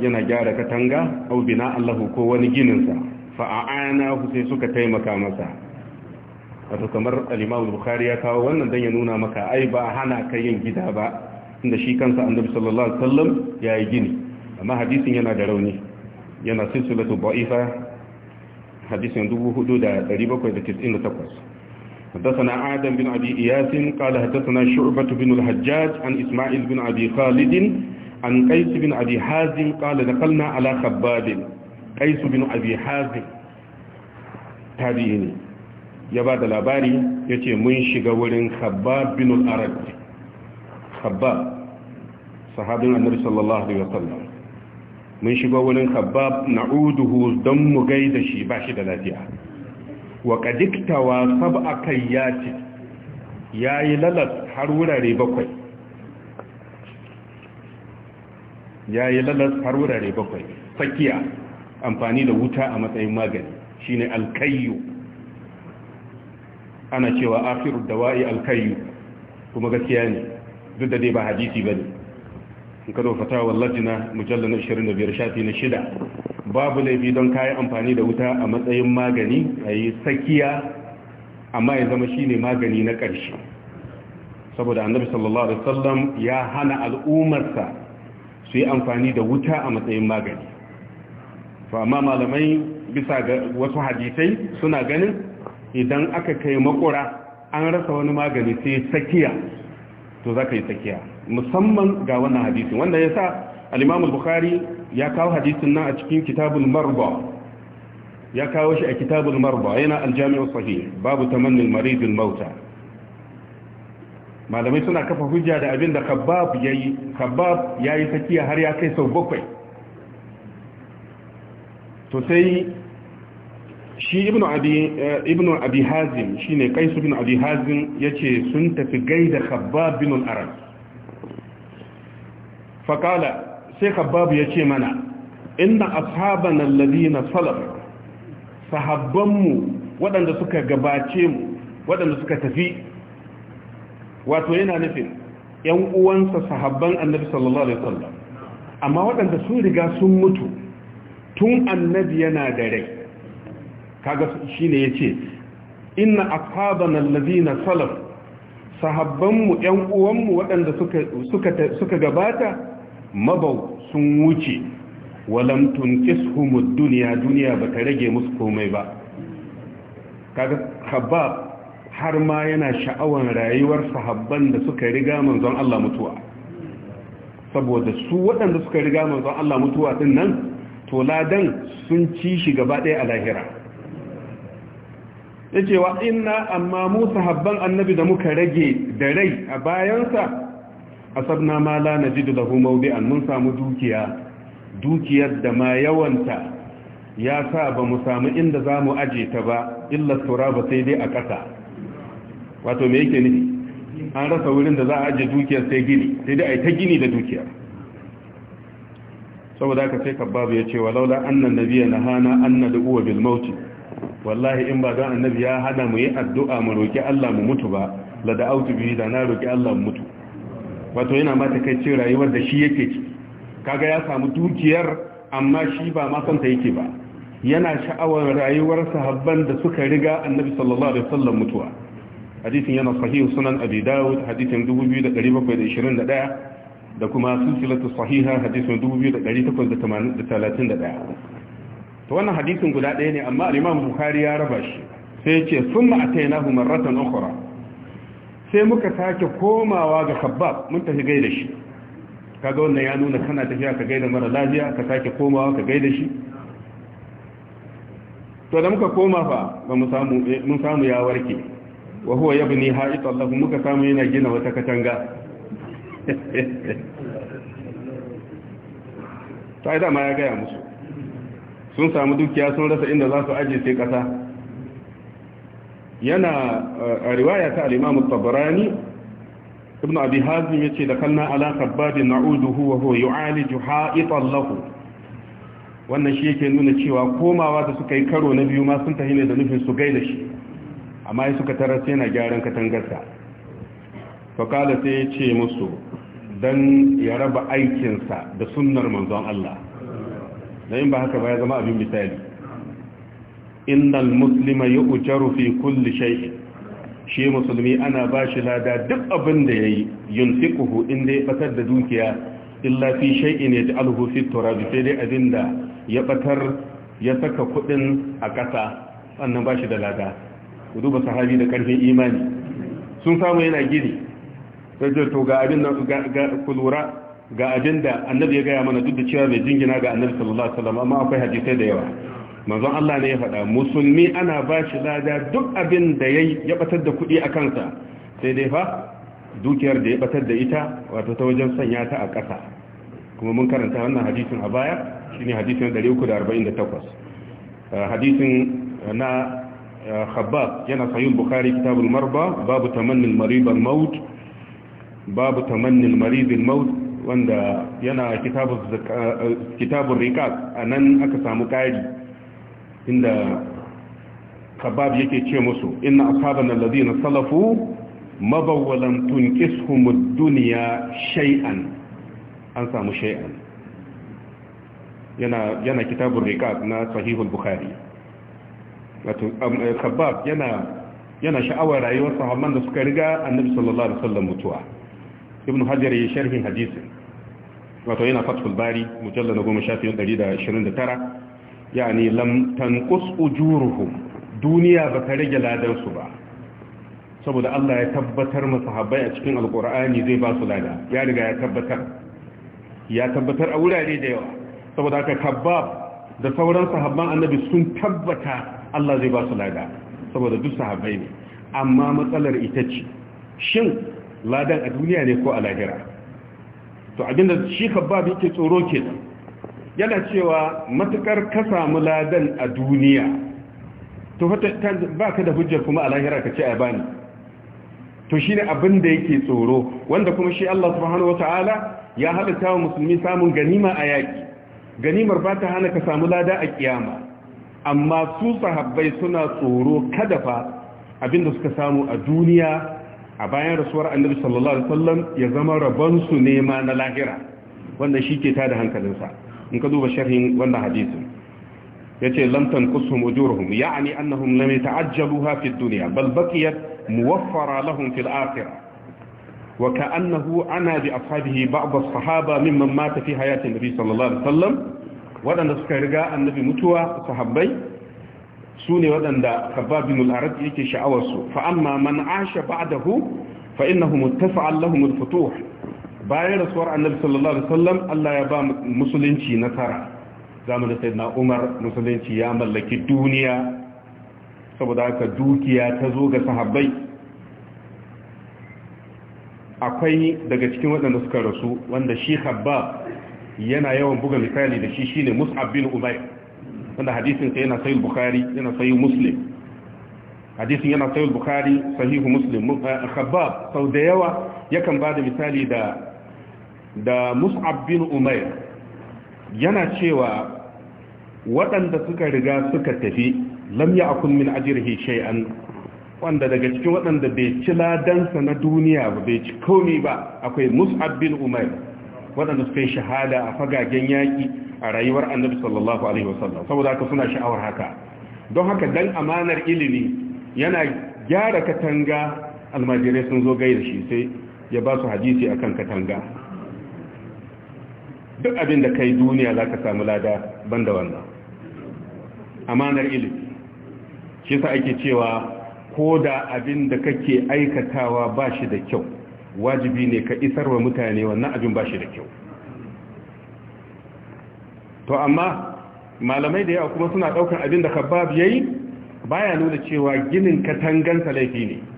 yana gyara katanga au bina Allahu ko wani ginin sa fa gininsa fa'a'ana sai suka taimaka masa wato kamar al-Imam Bukhari ya kawo wannan dan ya nuna maka ai ba hana ka yin gida ba inda shi kansa Annabi sallallahu alaihi wasallam yi gini amma hadisin yana da rauni yana silsilatu ba'ifa hadisin 4798 حدثنا آدم بن أبي إياس قال حدثنا شعبة بن الحجاج عن إسماعيل بن أبي خالد عن قيس بن أبي حازم قال نقلنا على خباب قيس بن أبي حازم تابعيني ya ba da labari ya ce mun shiga wurin khabbab bin al-arab khabbab sahabin sallallahu alaihi mun shigo wurin khabbab na'uduhu don mu gaida shi ba shi da lafiya wa kadiktawa sab'a kayyati yayi lalat har wurare bakwai yayi lalat har wurare bakwai fakiya amfani da wuta a matsayin magani shine alkayyu ana cewa akhiru dawa'i alkayyu kuma gaskiya ne duk da dai ba hadisi bane kado fatawa dofata wa mujallar na 25 shafi na shida babu laifi don kayi amfani da wuta a matsayin magani a yi sakiya amma ya zama shi ne magani na ƙarshe saboda annabi sallallahu alaihi wasallam ya hana al'ummarsa su yi amfani da wuta a matsayin magani to amma malamai bisa ga wasu hadisai suna ganin idan aka kai makura an rasa wani magani sai tsakiya to za ka yi tsakiya. musamman ga wannan hadisin wanda ya sa Alimamul bukhari ya kawo hadisin nan a cikin kitabul marba ya kawo shi a kitabul marba yana al sahih babu tamannin maridin mauta malamai suna kafa hujja da abin da khabbab yayi khabbab yayi tsakiya har ya kai sau bakwai to sai shi Ibn abi eh, ibnu abi hazim shine qais ibn abi ya yace sun tafi gaida khabbab bin al-arab faƙala sai kababu ya ce mana inda ashaban alladina salaf sahabbanmu waɗanda suka gabace mu waɗanda suka tafi wato yana nufin ‘yan uwansa sahabban annabi sallallahu alaihi wasallam amma waɗanda sun riga sun mutu tun annabi yana da rai kaga shi ne ya ce inna ashaban alladina salaf sahabbanmu ‘yan uwanmu waɗanda suka gabata mabau sun wuce walam tunkishumud duniya duniya ba ta rage musu komai ba kaga kabab har ma yana sha'awan rayuwar sahabban da suka riga manzon Allah mutuwa saboda su waɗanda suka riga manzon Allah mutuwa din nan to ladan sun ci shi gaba ɗaya a lahira yace wa inna amma mu sahabban annabi da muka rage da rai a bayansa asabna ma la najidu lahu mawdi'an mun samu dukiya dukiyar da ma yawanta ya sa ba mu samu inda za mu aje ta ba illa turaba sai dai a ƙasa wato me yake nufi an rasa wurin da za a aje dukiyar sai gini sai dai a yi ta gini da dukiyar saboda haka sai kabbabu ya ce wa laula annan nabiya na hana anna da uwa bil mauti wallahi in ba don annabi ya hana mu yi addu'a mu roki Allah mu mutu ba la da autu da na roki Allah mu mutu wato yana mata kai ce rayuwar da shi yake ci kaga ya samu dukiyar amma shi ba ma santa yake ba yana sha'awar rayuwar sahabban da suka riga annabi sallallahu alaihi wasallam mutuwa hadisin yana sahihu sunan abi dawud hadisin 2721 da kuma silsilatu sahiha hadisin 2831 to wannan hadisin guda ɗaya ne amma al-imam bukhari ya raba shi sai ya ce summa atainahu marratan ukhra sai muka sake komawa ga kabbab mun tafi gaida shi kaga wannan ya nuna kana tafiya ka gaida mara lafiya ka sake komawa ka gaida shi to da muka koma fa ba mu samu eh, mun samu ya warke wa huwa yabni ha'it Allah muka samu yana gina wata katanga sai da ma ya ga musu sun samu dukiya sun rasa inda za su aje sai kasa yana a riwaya ta al-imam tabarani ibn abi hazim ce da kanna ala khabbab na'uduhu wa huwa yu'aliju ha'itan lahu wannan shi yake nuna cewa komawa da suka yi karo na biyu ma sun tahi ne da nufin su gaida shi amma ya suka tarar sai yana gyaran katangarsa fakala sai ya ce musu don ya raba aikinsa da sunnar manzon Allah na in ba haka ba ya zama abin misali innal muslima yu'jaru fi kulli shay'in shi musulmi ana bashi lada duk abin da yayi yunfiquhu inda ya batar da dukiya illa fi shay'in yaj'aluhu fi turab sai dai abinda ya batar ya saka kudin a kasa wannan bashi da lada duba sahabi da karfin imani sun samu yana gini sai to ga abin ga kulura ga abinda annabi ya gaya mana duk da cewa mai jingina ga annabi sallallahu alaihi wasallam amma akwai hadisai da yawa manzon Allah ne ya faɗa musulmi ana ba shi lada duk abin da ya ya batar da kuɗi a kansa sai dai fa dukiyar da ya batar da ita wato ta wajen sanya ta a ƙasa kuma mun karanta wannan hadisin a baya shine hadisin 348 hadisin na khabbab yana sahih bukhari kitabul marba babu tamannil marid maut babu tamannil marid maut wanda yana kitabul kitabul a nan aka samu ƙari inda kabab yake ce musu inna ashaban alladhina salafu mabawwalan tunqishum ad-dunya shay'an an samu shay'an yana yana kitabur riqab na sahihul bukhari wato eh, kabab yana yana sha'awar rayuwar sahabban da suka riga annabi sallallahu alaihi wasallam mutuwa ibn hajar ya sharhin hadisin wato yana fathul bari mujallal 10 shafi 129 yani lam tanqus ujuruhum duniya ba ta rage ladansu ba saboda Allah ya tabbatar masa sahabbai a cikin alkur'ani zai ba su lada ya riga ya tabbatar ya tabbatar a wurare da yawa saboda haka kabab da sauran sahabban annabi sun tabbata Allah zai ba su lada saboda duk sahabbai ne amma matsalar ita ce shin ladan a duniya ne ko a lahira to abinda shi kabbab yake tsoro kenan yana cewa matukar ka samu ladan a duniya to ba ka da hujjar kuma a lahira ka ce a bani to shi ne abin da yake tsoro wanda kuma shi Allah subhanahu wata'ala ya halitta wa musulmi samun ganima a yaƙi ganimar ba ta hana ka samu lada a kiyama amma su sahabbai suna tsoro kada fa abin da suka samu a duniya a bayan rasuwar annabi sallallahu alaihi wasallam ya zama rabonsu nema na lahira wanda shi ke tada hankalinsa in ka duba sharhin wannan hadisin yace lam tanqusuhum ujurhum ya'ni annahum lam yata'ajjaluha fi dunya bal mu muwaffara lahum fil akhirah wa ana bi ashabihi ba'd as-sahaba mimman mata fi hayati nabi sallallahu alaihi wasallam wadanda suka riga annabi mutuwa sahabbai sune wadanda khabbab bin al yake sha'awarsu su fa amma man asha ba'dahu fa innahu muttafa'an lahum al-futuh bayan rasuwar annabi sallallahu alaihi wasallam Allah ya ba musulunci nasara zamanin sayyidina Umar musulunci ya mallaki duniya saboda haka dukiya ta zo ga sahabbai akwai daga cikin waɗanda suka rasu wanda shi habba yana yawan buga misali da shi shine Mus'ab bin Umayr wanda hadisin sa yana sahih Bukhari yana sahih Muslim hadisin yana sahih Bukhari sahihu Muslim Habbab sau da yawa yakan da misali da da mus'ab bin umair yana cewa waɗanda suka riga suka tafi lam ya akun min ajirhi shay'an wanda daga cikin waɗanda bai ci ladansa na duniya ba bai ci komi ba akwai mus'ab bin umair waɗanda suka yi shahada a fagagen yaƙi a rayuwar annabi sallallahu alaihi wasallam saboda haka suna sha'awar haka don haka dan amanar ilimi yana gyara katanga almajirai sun zo gaira shi sai ya ba su hadisi akan katanga duk abin da kai duniya za ka samu lada banda wannan amanar ilimi shi sa ake cewa ko da abin da kake aikatawa ba shi da kyau wajibi ne ka isar wa mutane wannan abin ba shi da kyau to amma malamai da yawa kuma suna ɗaukar abin da ka yayi baya nuna cewa ginin katangansa laifi ne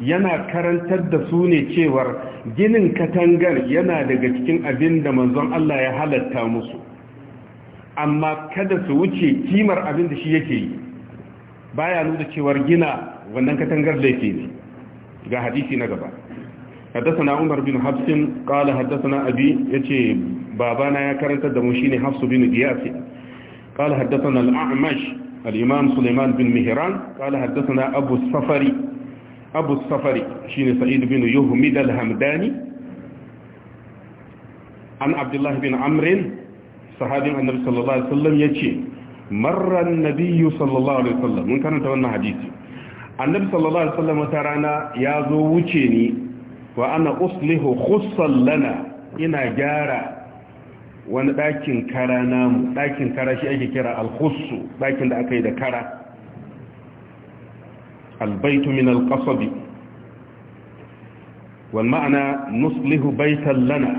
yana karantar da su ne cewar ginin katangar yana daga cikin abin da manzon Allah ya halatta musu amma kada su wuce kimar abin da shi yake yi baya nuna cewar gina wannan katangar laifi ne ga hadisi na gaba haddasa umar bin hafsin kala haddasa na abi ya ce babana ya karantar da mu shine ne hafsu bin biyasi kala haddasa na al'amash al'imam suleiman bin Mihiran kala haddasa na abu safari abu safari shi ne sa'id bin yuhmid al-hamdani an abdullah bin amrin sahabin annabi sallallahu alaihi wasallam yace marra an-nabiy sallallahu alaihi wasallam mun karanta wannan hadisi annabi sallallahu alaihi wasallam wata rana ya zo wuce ni wa ana uslihu khussan lana ina gyara wani ɗakin kara namu ɗakin kara shi ake kira alkhussu ɗakin da aka yi da kara البيت من القصب والمعنى نصلح بيتا لنا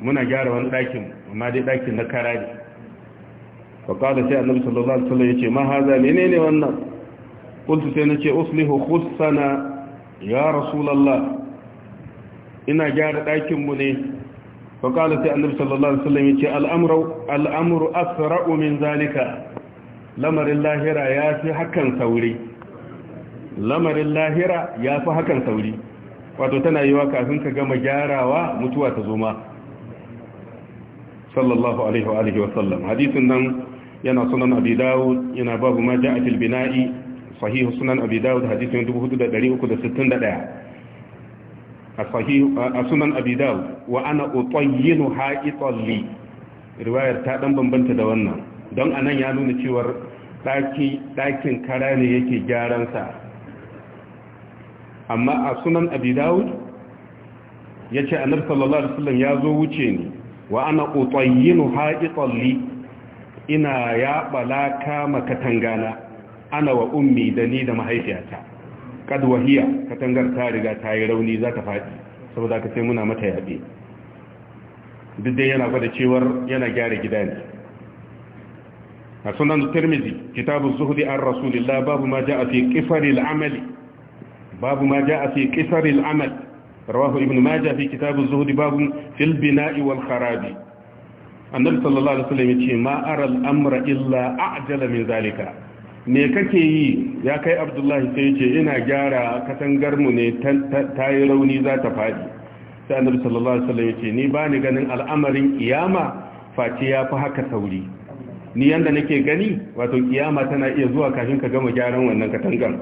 muna gyara wani ɗakin amma dai ɗakin na kara ne sai annabi sallallahu alaihi wasallam yace ma haza menene wannan kuntu sai nace uslihu khussana ya rasulullah ina gyara ɗakin ne fa sai annabi sallallahu alaihi wasallam yace al'amru al'amru asra'u min zalika lamarin lahira ya fi hakan sauri lamarin lahira ya fi hakan sauri wato tana yiwa kafin ka gama gyarawa mutuwa ta zoma. sallallahu alaihi wa alihi wa sallam hadisin nan yana sunan abi dawud yana babu ma ja'a fil bina'i sahih sunan abi dawud hadisin 4361 as-sahih sunan abi dawud wa ana utayyinu ha'itan li riwayar ta dan bambanta da wannan don anan ya nuna cewar ɗakin kara ne yake gyaran sa amma a sunan abi dawud ya ce annabi sallallahu alaihi wasallam ya zo wuce ni wa ana utayyinu haqiqan ina ya balaka makatangana ana wa ummi da ni da mahaifiyata kad wahiya katangar ta riga ta yi rauni za ta faɗi saboda ka ce muna mata yabe duk dai yana gwada cewar yana gyara gida ne a sunan Turmizi, kitabu zuhdi an rasulillah babu ma ja'a fi qifari amali babu ma ja'a fi qisar al-amal rawahu ibn majah fi kitab az-zuhd babu fil bina'i wal kharabi annabi sallallahu alaihi wasallam yace ma ara al-amra illa a'jala zalika me kake yi ya kai abdullahi sai yace ina gyara katangar mu ne ta yi rauni za ta fadi sai annabi sallallahu alaihi wasallam yace ni ba ni ganin al'amarin kiyama face ya fi haka sauri ni yanda nake gani wato kiyama tana iya zuwa kafin ka gama gyaran wannan katangar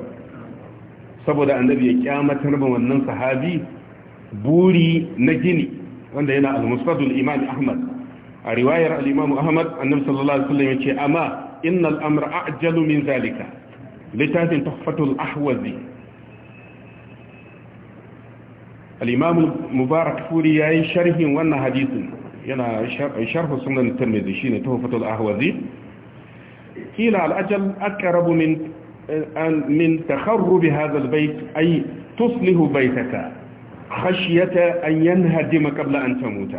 saboda annabi ya kyamatar ba wannan sahabi buri na gini wanda yana al-musnadul imam ahmad a riwayar al-imam ahmad annabi sallallahu alaihi wasallam yace amma innal amra ajalu min zalika litafin tuhfatul ahwazi al-imam mubarak furi yayi sharhin wannan hadisin yana sharh sunan tirmidhi shine tuhfatul ahwazi kila al-ajal aqrabu min من تخرب هذا البيت أي تصلح بيتك خشية أن ينهدم قبل أن تموت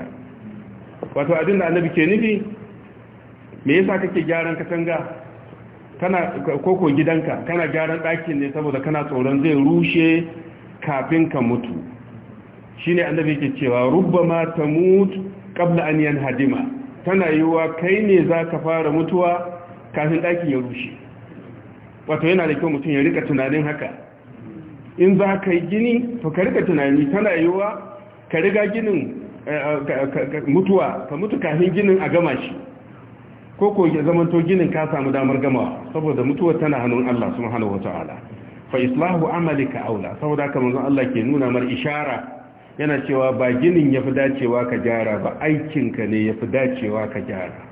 wato abin da annabi ke nufi me yasa kake gyaran katanga kana koko gidanka kana gyaran ɗakin ne saboda kana tsoron zai rushe kafin ka mutu shine annabi ke cewa rubbama mutu kabla an hadima tana yiwuwa kai ne zaka fara mutuwa kafin ɗakin ya rushe wato yana da kyau mutum ya rika tunanin haka in za ka yi gini to ka rika tunani tana yiwuwa ka riga ginin eh, eh, mutuwa ka mutu kafin ginin a gama shi ko ko ya to ginin ka samu damar gamawa saboda mutuwa tana hannun Allah subhanahu ala fa islahu amalika aula saboda kamar zan Allah ke nuna mar ishara yana cewa ba ginin yafi dacewa ka gyara ba aikin ka ne yafi dacewa ka gyara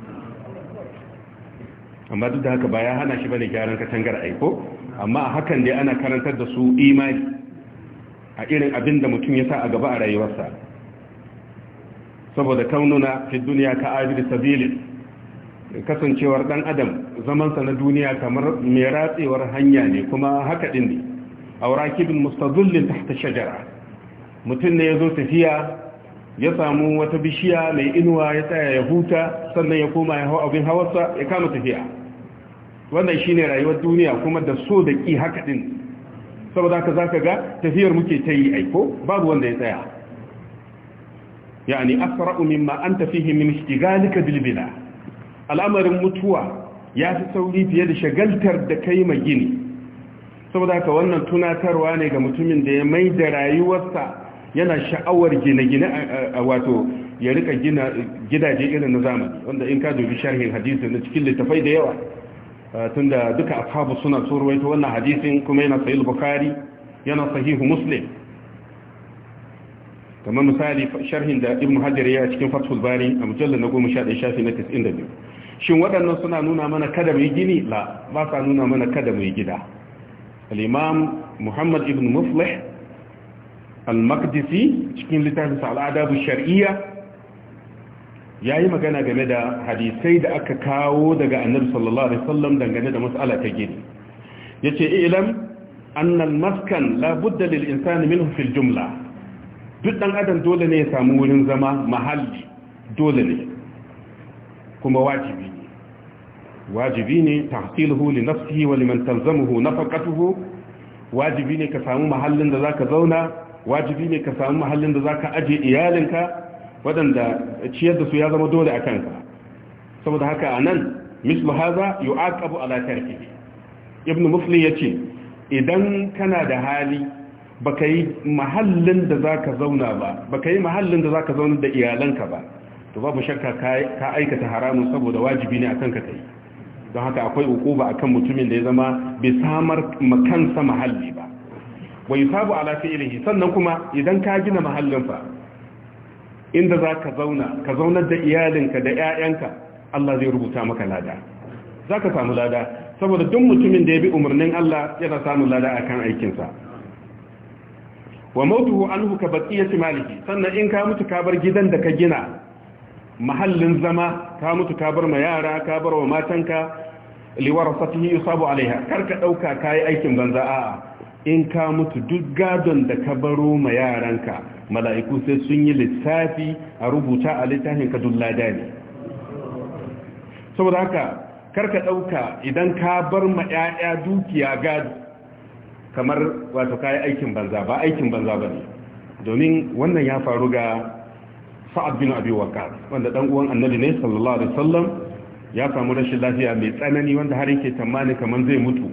amma duk da haka ba ya hana shi bane gyaran katangar aiko amma a hakan dai ana karantar da su imani a irin abin da mutum ya sa a gaba a rayuwarsa saboda kaununa fi duniya ka da sabili kasancewar dan adam zaman sa na duniya kamar mai ratsewar hanya ne kuma haka din ne aurakibin mustazillin tahta shajara mutum ne ya zo tafiya ya samu wata bishiya mai inuwa ya tsaya ya huta sannan ya koma ya hau abin hawarsa ya kama tafiya wannan shine rayuwar duniya kuma da so da ƙi haka ɗin saboda haka za ka ga tafiyar muke ta yi aiko babu wanda ya tsaya yani asra'u mimma an tafi himin shi galika bilbila. al'amarin mutuwa ya fi sauri fiye da shagaltar da kai mai gini saboda haka wannan tunatarwa ne ga mutumin da ya mai da rayuwarsa yana sha'awar gine-gine wato ya rika gina gidaje irin na zamani wanda in ka dubi sharhin hadisi na cikin littafai da yawa tunda duka ashabu suna surwaito wannan hadisin kuma yana sahih al bukhari yana sahih muslim kamar misali sharhin da ibn hajar ya cikin fathul bari a mujallal na 11 shafi na 92 shin waɗannan suna nuna mana kada mai gini la ba sa nuna mana kada mai gida al-imam muhammad ibn muflih al-maqdisi cikin sa al-adab al'adabu shar'iyya ya yi magana game da hadisai da aka kawo daga annabi sallallahu alaihi wasallam dangane da mas'ala ta gini yace ilam annal maskan la budda lil insani minhu fil jumla duk dan adam dole ne ya samu wurin zama mahalli dole ne kuma wajibi ne wajibi ne tahsiluhu li nafsihi wa liman talzamuhu nafaqatuhu wajibi ne ka samu mahallin da zaka zauna wajibi ne ka samu mahallin da zaka aje iyalinka waɗanda ciyar da su ya zama dole a kansa saboda haka a nan mislu haza yu'aqabu ala tarkihi ibnu muslim yace idan kana da hali baka yi mahallin da zaka zauna ba baka yi mahallin da zaka zauna da iyalanka ba to babu shakka ka aikata haramun saboda wajibi ne akan ka kai don haka akwai a akan mutumin da ya zama bai samar makansa mahalli ba wa yusabu ala fi'lihi sannan kuma idan ka gina mahallin fa inda za ka zauna ka zaunar da iyalinka da 'ya'yanka Allah zai rubuta maka lada za ka samu lada saboda duk mutumin da ya bi umarnin Allah yana samun lada a kan aikinsa wa mautuhu anhu ka ya maliki sannan in ka mutu ka bar gidan da ka gina mahallin zama ka mutu ka bar ma yara ka bar wa matanka liwarasatihi yusabu alaiha kar ɗauka dauka kai aikin banza a'a in ka mutu duk gadon da ka baro ma yaranka mala'iku sai sun yi lissafi a rubuta a littafin ka Lada ne saboda haka kar ka ɗauka idan ka bar ma 'ya'ya dukiya gado kamar wato kayi aikin banza ba aikin banza ba ne domin wannan ya faru ga sa'ad bin abi waqas wanda dan uwan annabi ne sallallahu alaihi wasallam ya samu rashin lafiya mai tsanani wanda har yake tamani kamar zai mutu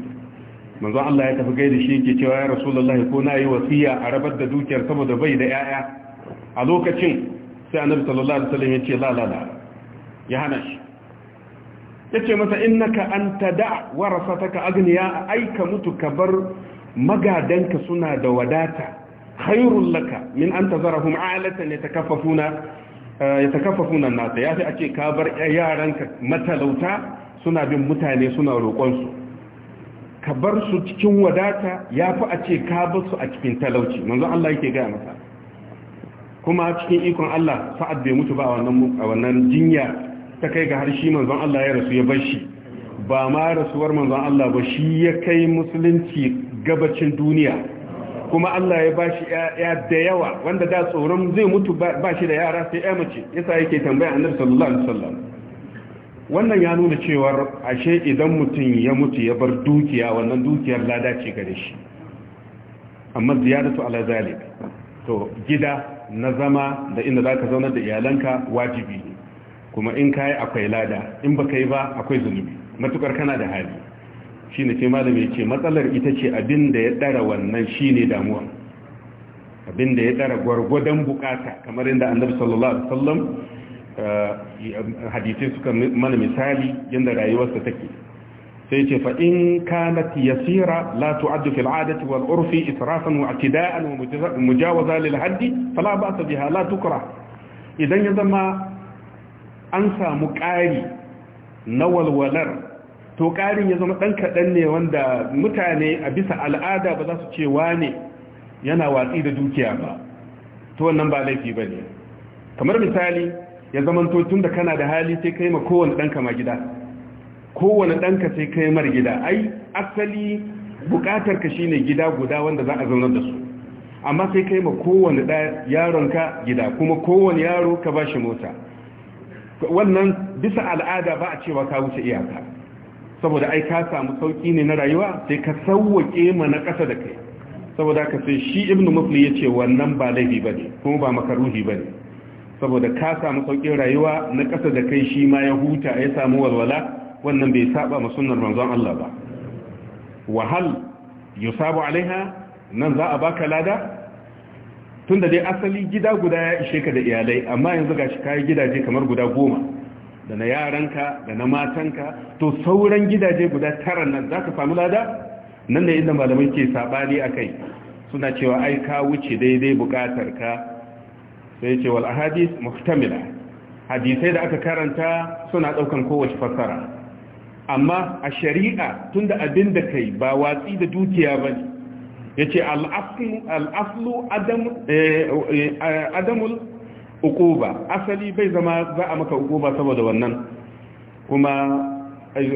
manzo Allah ya tafi gaida shi yake cewa ya rasulullahi ko na yi wasiya a rabar da dukiyar saboda bai da yaya a lokacin sai annabi sallallahu alaihi wasallam ya ce la la la ya hana shi yace masa innaka anta da warasataka agniya aika mutu kabar magadanka suna da wadata khairul laka min an tazarahum alatan yatakaffafuna eh, yatakaffafuna an-nas a ce ka bar yaranka matalauta suna bin mutane suna roƙon su ka bar su cikin wadata ya fi a ce ka bar su a cikin talauci manzo Allah yake gaya masa kuma cikin ikon Allah sa'ad bai mutu ba a wannan jinya ta kai ga har shi manzon Allah ya rasu ya bar shi ba ma rasuwar manzon Allah ba shi ya kai musulunci gabacin duniya kuma Allah ya bashi ya da yawa wanda da tsoron zai mutu ba shi da yara sai ya mace yasa yake tambaya annabi sallallahu alaihi wasallam wannan ya nuna cewar ashe idan mutum ya mutu ya bar dukiya wannan dukiyar lada ce gare shi amma ziyaratu ala zalik to gida na zama da inda zaka zauna da iyalanka wajibi ne kuma in kai akwai lada in baka yi ba akwai zunubi matukar kana da hali shine ce malami ce matsalar ita ce abin da ya dara wannan shine damuwa abin ya dara gwargwadon bukata kamar inda annabi sallallahu alaihi wasallam Eh, hadisai suka mana misali yadda rayuwarsa take sai ce fa in kanat yasira la tu'addu fil adati wal urfi israfan wa i'tida'an wa mujawaza lil haddi fala ba'sa biha la tukra idan ya zama an samu ƙari na walwalar to ƙarin ya zama ɗan kaɗan ne wanda mutane a bisa al'ada ba za su ce wane yana watsi da dukiya ba to wannan ba laifi ba ne kamar misali ya zamanto tun da kana da hali sai kai ma kowane ɗanka ma gida kowane ɗanka sai kai mar gida ai asali buƙatar ka shine gida guda wanda za a zaunar da su amma sai kai ma kowane yaron yaronka gida kuma kowane yaro ka ba shi mota wannan bisa al'ada ba a cewa ka wuce iyaka saboda ai ka samu sauki ne na rayuwa sai ka sauwake ma na ƙasa da kai saboda ka sai shi ibnu mufli yace wannan ba laifi bane kuma ba makaruhi bane saboda ka samu saukin rayuwa na ƙasa da kai shi ma ya huta ya samu walwala wannan bai saba ma sunnar manzon Allah ba wahal yusabu alaiha nan za a baka lada tunda dai asali gida guda ya ishe ka da iyalai amma yanzu gashi kai gidaje kamar guda goma da na yaranka da na matanka to sauran gidaje guda tara nan za ka samu lada nan ne inda malamai ke sabani akai suna cewa ai ka wuce daidai bukatar ka sai ce wal ahadith muhtamila hadisai da aka karanta suna daukan kowace fassara amma a shari'a tunda abin da kai ba watsi da dukiya bane yace al aslu al eh, eh, adamul uquba asali bai zama za a maka uquba saboda wannan kuma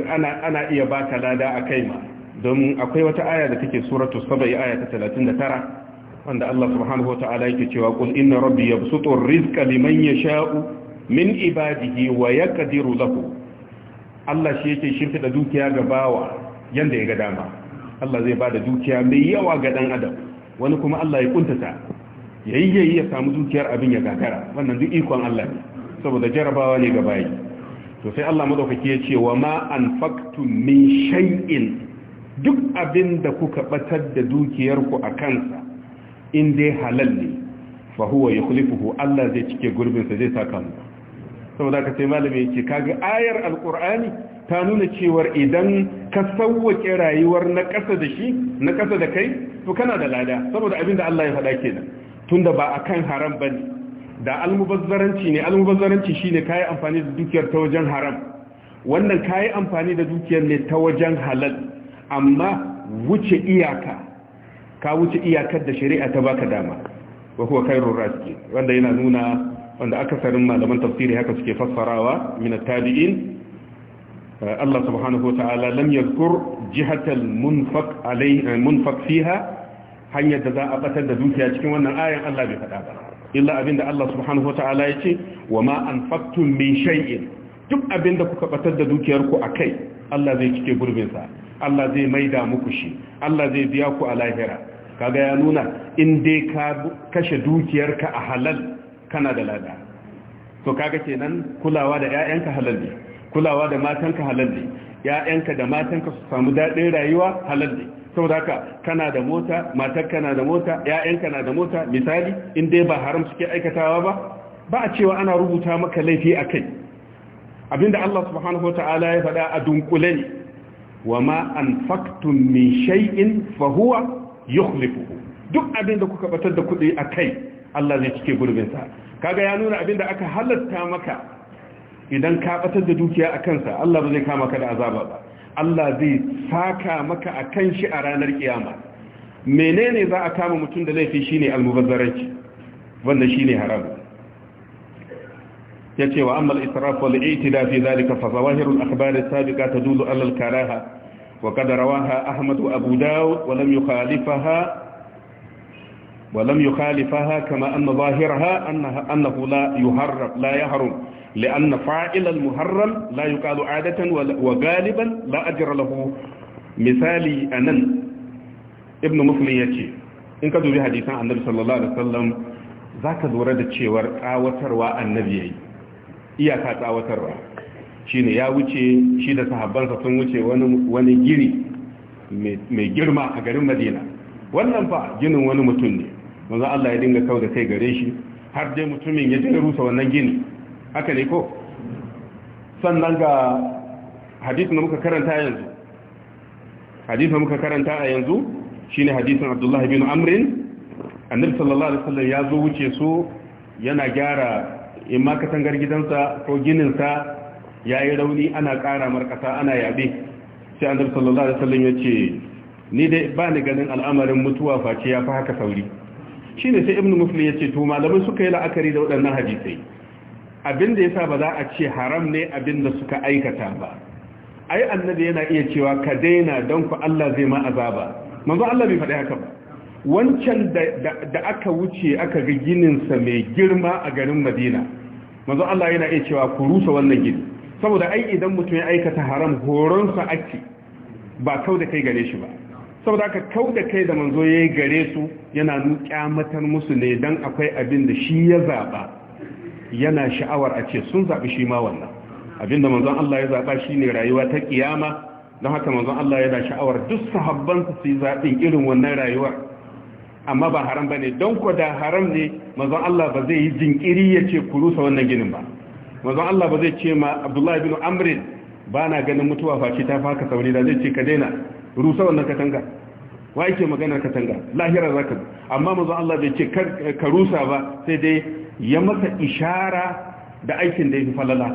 ana ana iya baka lada akai ma don akwai wata aya da take suratu sabai aya ta 39 wanda Allah subhanahu wa ta'ala yake cewa qul inna rabbi yabsutu ar-rizqa liman yasha'u min ibadihi wa yaqdiru lahu Allah shi yake shimfida dukiya ga bawa yanda ya ga dama Allah zai bada dukiya mai yawa ga dan adam wani kuma Allah ya kuntata yayi yayi ya samu dukiyar abin ya gagara wannan duk ikon Allah ne saboda jarabawa ne ga bayi to sai Allah madaukaki ya ce wa ma anfaqtum min shay'in duk abin da kuka batar da dukiyarku a kansa in dai halal ne fa huwa yukhlifuhu Allah zai cike gurbin sa zai saka mu saboda ka sai malami yake kaga ayar alqur'ani ta nuna cewar idan ka sauwake rayuwar na ƙasa da shi na da kai to kana da lada saboda abinda Allah ya faɗa kenan tunda ba akan haram bane da almubazzaranci ne almubazzaranci shine kai amfani da dukiyar ta wajen haram wannan kai amfani da dukiyar ne ta wajen halal amma wuce iyaka ka wuce iyakar da shari'a ta baka dama wa huwa khairur raziqin wanda yana nuna wanda akasarin malaman tafsiri haka suke fassarawa min at-tabi'in Allah subhanahu wa lam yadhkur jihatal munfaq alai munfaq fiha hanyar da za a batar da dukiya cikin wannan ayan Allah bai faɗa ba illa abinda Allah subhanahu wata'ala ya ce wa ma anfaqtum min shay'in duk abinda kuka batar da dukiyar ku akai Allah zai cike gurbin sa Allah zai maida muku shi Allah zai biya ku a lahira kaga ya nuna in dai ka kashe dukiyarka a halal kana da lada to kaga kenan kulawa da ƴaƴanka halal ne kulawa da matanka halal ne ƴaƴanka da matanka su samu daɗin rayuwa halal ne saboda haka kana da mota matarka na da mota ƴaƴanka na da mota misali in dai ba haram suke aikatawa ba ba a cewa ana rubuta maka laifi a kai abinda Allah subhanahu wataala ya faɗa a dunkule ne wa ma anfaqtum min shay'in fa huwa yukhlifuhu duk abin da kuka batar da kuɗi a kai Allah zai cike gurbinsa kaga ya nuna abin da aka halatta maka idan ka batar da dukiya a kansa Allah ba zai kama ka da azaba ba Allah zai saka maka a kan shi a ranar kiyama menene za a kama mutum da laifi shine almubazzaranci wanda shine haram yace wa amma al-israf wal i'tida fi dhalika fa zawahirul akhbar as-sabiqa tadullu ala al-karaha وقد رواها أحمد وأبو داود ولم يخالفها ولم يخالفها كما أن ظاهرها أنها أنه لا يهرب لا يحرم لأن فاعل المحرم لا يقال عادة وغالبا لا أجر له مثالي أنن ابن مسلم يتي إن كذو بحديثا عن النبي صلى الله عليه وسلم ذاك ذورة تشيور آوتر وأن نبيه إياك آوتر وأن shine ya wuce shi da sahabbansa sun wuce wani giri mai girma a garin madina wannan fa ginin wani mutum ne manzo Allah ya dinga kau da kai gare shi har dai mutumin ya dinga rusa wannan gini haka ne ko sannan ga hadisin da muka karanta yanzu hadisin da muka karanta a yanzu shine hadisin Abdullah ibn Amr annabi sallallahu alaihi wasallam ya zo wuce su yana gyara in ma katangar gidansa ko gininsa Ya yi rauni ana ƙara markasa ana yabe sai an lullu da alaihi ya ce. ni dai ba ni ganin al'amarin mutuwa face ya fi haka sauri ne sai ibnu ya ce to malamai suka yi la'akari da waɗannan hadisai abinda sa ba za a ce haram ne abinda suka aikata ba ai annabi yana iya cewa ka daina don ku Allah zai ma azaba manzo Allah bai faɗi haka ba wancan da aka wuce aka ga gininsa mai girma a garin Madina manzo Allah yana iya cewa ku rusa wannan gini saboda ai idan mutum ya aikata haram horonsa ake ba kau da kai gare shi ba saboda aka kau da kai da manzo ya yi gare su yana kyamatar musu ne don akwai abin da shi ya zaɓa yana sha'awar a ce sun zaɓi shi ma wannan abin da manzon Allah ya zaɓa shi ne rayuwa ta ƙiyama don haka manzon Allah yana sha'awar duk sahabbansa su yi zaɓin irin wannan rayuwar amma ba haram ba ne don ko da haram ne manzon Allah ba zai yi jinkiri ya ce ku rusa wannan ginin ba manzon Allah ba zai ce ma Abdullahi bin Amri ba na ganin mutuwa face ta faka saboda da zai ce ka daina rusa wannan katanga wa yake maganar katanga lahira zaka amma manzon Allah bai ce ka rusa ba sai dai ya masa ishara da aikin da yake falala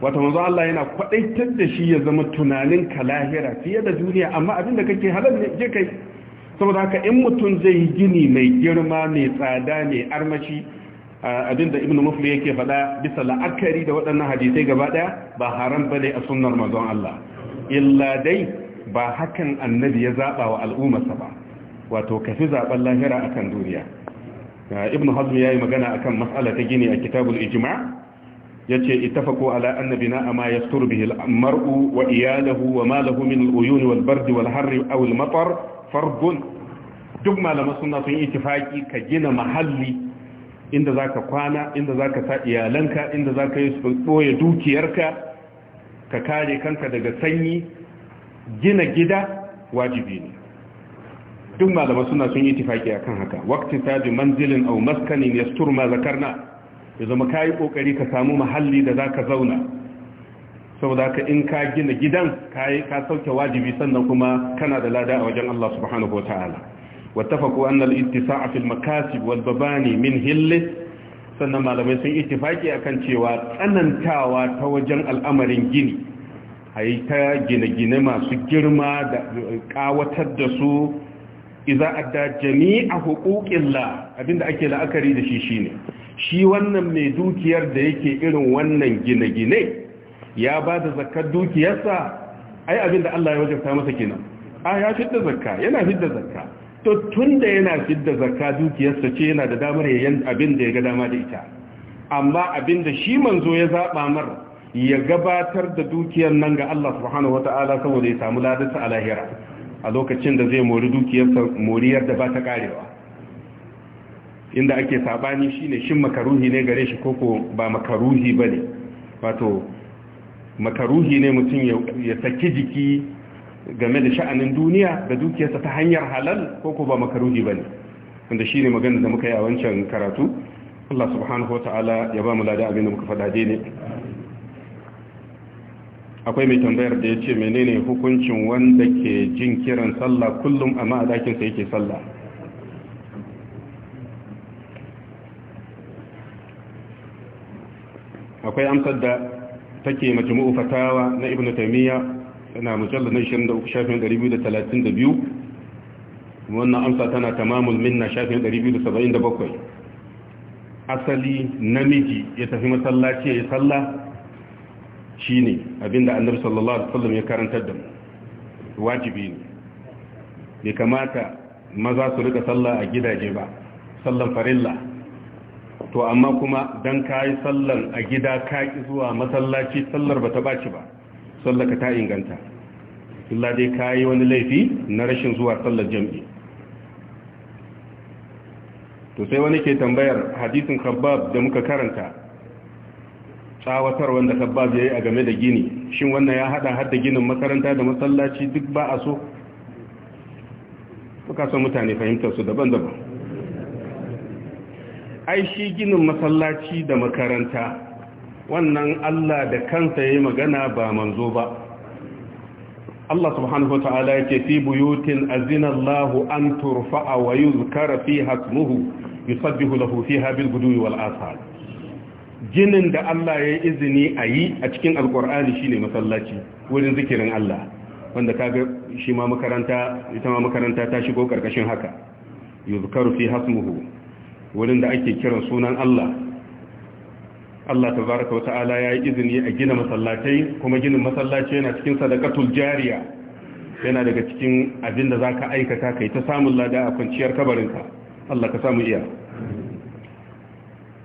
wato manzon Allah yana kwadaitar da shi ya zama tunanin ka lahira fiye da duniya amma abin da kake halal ne je kai saboda haka in mutum zai yi gini mai girma mai tsada mai armashi abinda ibn mufli yake faɗa bisa la'akari da waɗannan hadisai gaba ɗaya ba haram ba ne a sunnar mazan Allah illa dai ba hakan annabi ya zaɓa wa al'ummarsa ba wato kafi zaɓen lahira akan duniya ibn hazm ya yi magana akan mas'ala ta gini a kitabul ijma ya ce ittafaqu ala annabi na amma yastur bihi maru wa iyalahu wa ma lahu min al wal bard wal harri aw al-matar fardun duk malaman sunna sun ittifaqi ka gina mahalli inda za ka kwana inda za ka sa iyalanka inda za ka yi ɓoye dukiyarka ka kare kanka daga sanyi gina gida wajibi ne duk malama suna sun yi tifaki akan haka wakti taji manzilin au maskanin ya turma zakarna ya zama ka yi ƙoƙari ka samu mahalli da za ka zauna saboda ka in ka gina gidan ka sauke wajibi sannan kuma kana da lada a wajen Allah subhanahu wa ta'ala wattafaqu anna al-ittisa'a fil makasib wal babani min hill sannan malamai sun ittifaki akan cewa tsanantawa ta wajen al'amarin gini ayi ta gine-gine masu girma da kawatar da su iza adda jami'a huquqillah abinda ake la'akari da shi shine shi wannan mai dukiyar da yake irin wannan gine-gine ya ba da zakkar dukiyarsa ai abinda Allah ya wajabta masa kenan a ya fidda zakka yana fidda zakka to tun da yana fidda zakka dukiyarsa ce yana da damar yayin abin da ya ga dama da ita amma abin da shi manzo ya zaba mar ya gabatar da dukiyar nan ga Allah subhanahu wataala saboda ya samu ladarsa a lahira a lokacin da zai mori dukiyarsa moriyar da ba ta karewa inda ake sabani shine shin makaruhi ne gare shi koko ba makaruhi bane wato makaruhi ne mutum ya saki jiki game da sha'anin duniya da dukiyarsa ta hanyar halal ko ko ba makaruhi bane wanda shine magana da muka yi a wancan karatu Allah subhanahu wataala ya ba mu lada abin da muka faɗa dai ne akwai mai tambayar da ya ce menene hukuncin wanda ke jin kiran sallah kullum amma a dakinsa yake sallah akwai amsar da take majmu'u fatawa na ibnu taymiya yana mujallar na 23 shafin 232 wannan amsa tana tamamul minna shafin 277 asali namiji ya tafi masallaci ya salla ne, abinda annabi sallallahu alaihi wasallam ya karantar da mu wajibi ne bai kamata maza su rika sallah a gidaje ba sallan farilla to amma kuma dan kai sallan a gida ka zuwa masallaci sallar ba ta baci ba sallaka ta inganta illa dai ka yi wani laifi na rashin zuwa sallar jam'i to sai wani ke tambayar hadisin khabbab da muka karanta tsawatar wanda khabbab ya yi a game da gini shin wannan ya hada da ginin makaranta da masallaci duk ba a so suka son mutane fahimtar su daban-daban ai shi ginin masallaci da makaranta wannan Allah da kansa yayi magana ba manzo ba Allah subhanahu wata'ala yake fi buyutin azina Allah an turfa'a wa yuzkara fiha ismuhu yusabbihu lahu fiha bil gudwi wal asal ginin da Allah yayi izini a yi a cikin alqur'ani shine masallaci wurin zikirin Allah wanda kaga shi ma makaranta ita ma makaranta ta shigo karkashin haka yuzkaru fi hasmuhu wurin da ake kiran sunan Allah Allah tabaraka wa ta'ala ya yi izini a gina masallatai kuma ginin masallaci yana cikin sadaqatul jariya yana daga cikin abin da zaka aikata kai ta samun lada a kwanciyar kabarinka Allah ka samu iya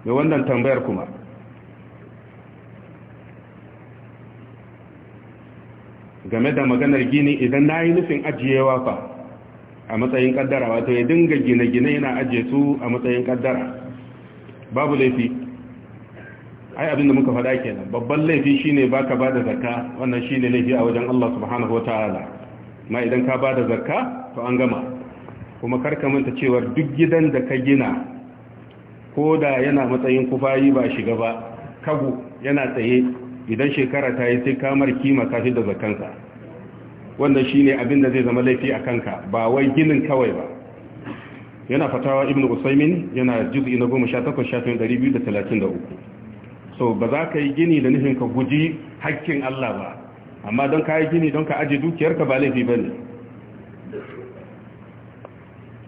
da wannan tambayar kuma game da maganar gini idan na yi nufin ajiyewa fa a matsayin kaddara wato ya dinga gine-gine yana ajiye su a matsayin kaddara babu laifi ai abin da muka faɗa kenan babban laifi shine baka bada zakka wannan shine laifi a wajen Allah subhanahu wataala ma idan ka bada zakka to an gama kuma karka manta cewa duk gidan da ka gina ko da yana matsayin kufayi ba shiga ba kagu yana tsaye idan shekara ta yi sai kamar kima ka da zakkansa wannan shine abin abinda zai zama laifi a kanka ba wai ginin kawai ba yana fatawa ibnu usaimin yana juz'i na 18 shafin 233 so ba za ka yi gini da nufin ka guji hakkin Allah ba amma don ka yi gini don ka ajiye dukiyarka ba laifi ba ne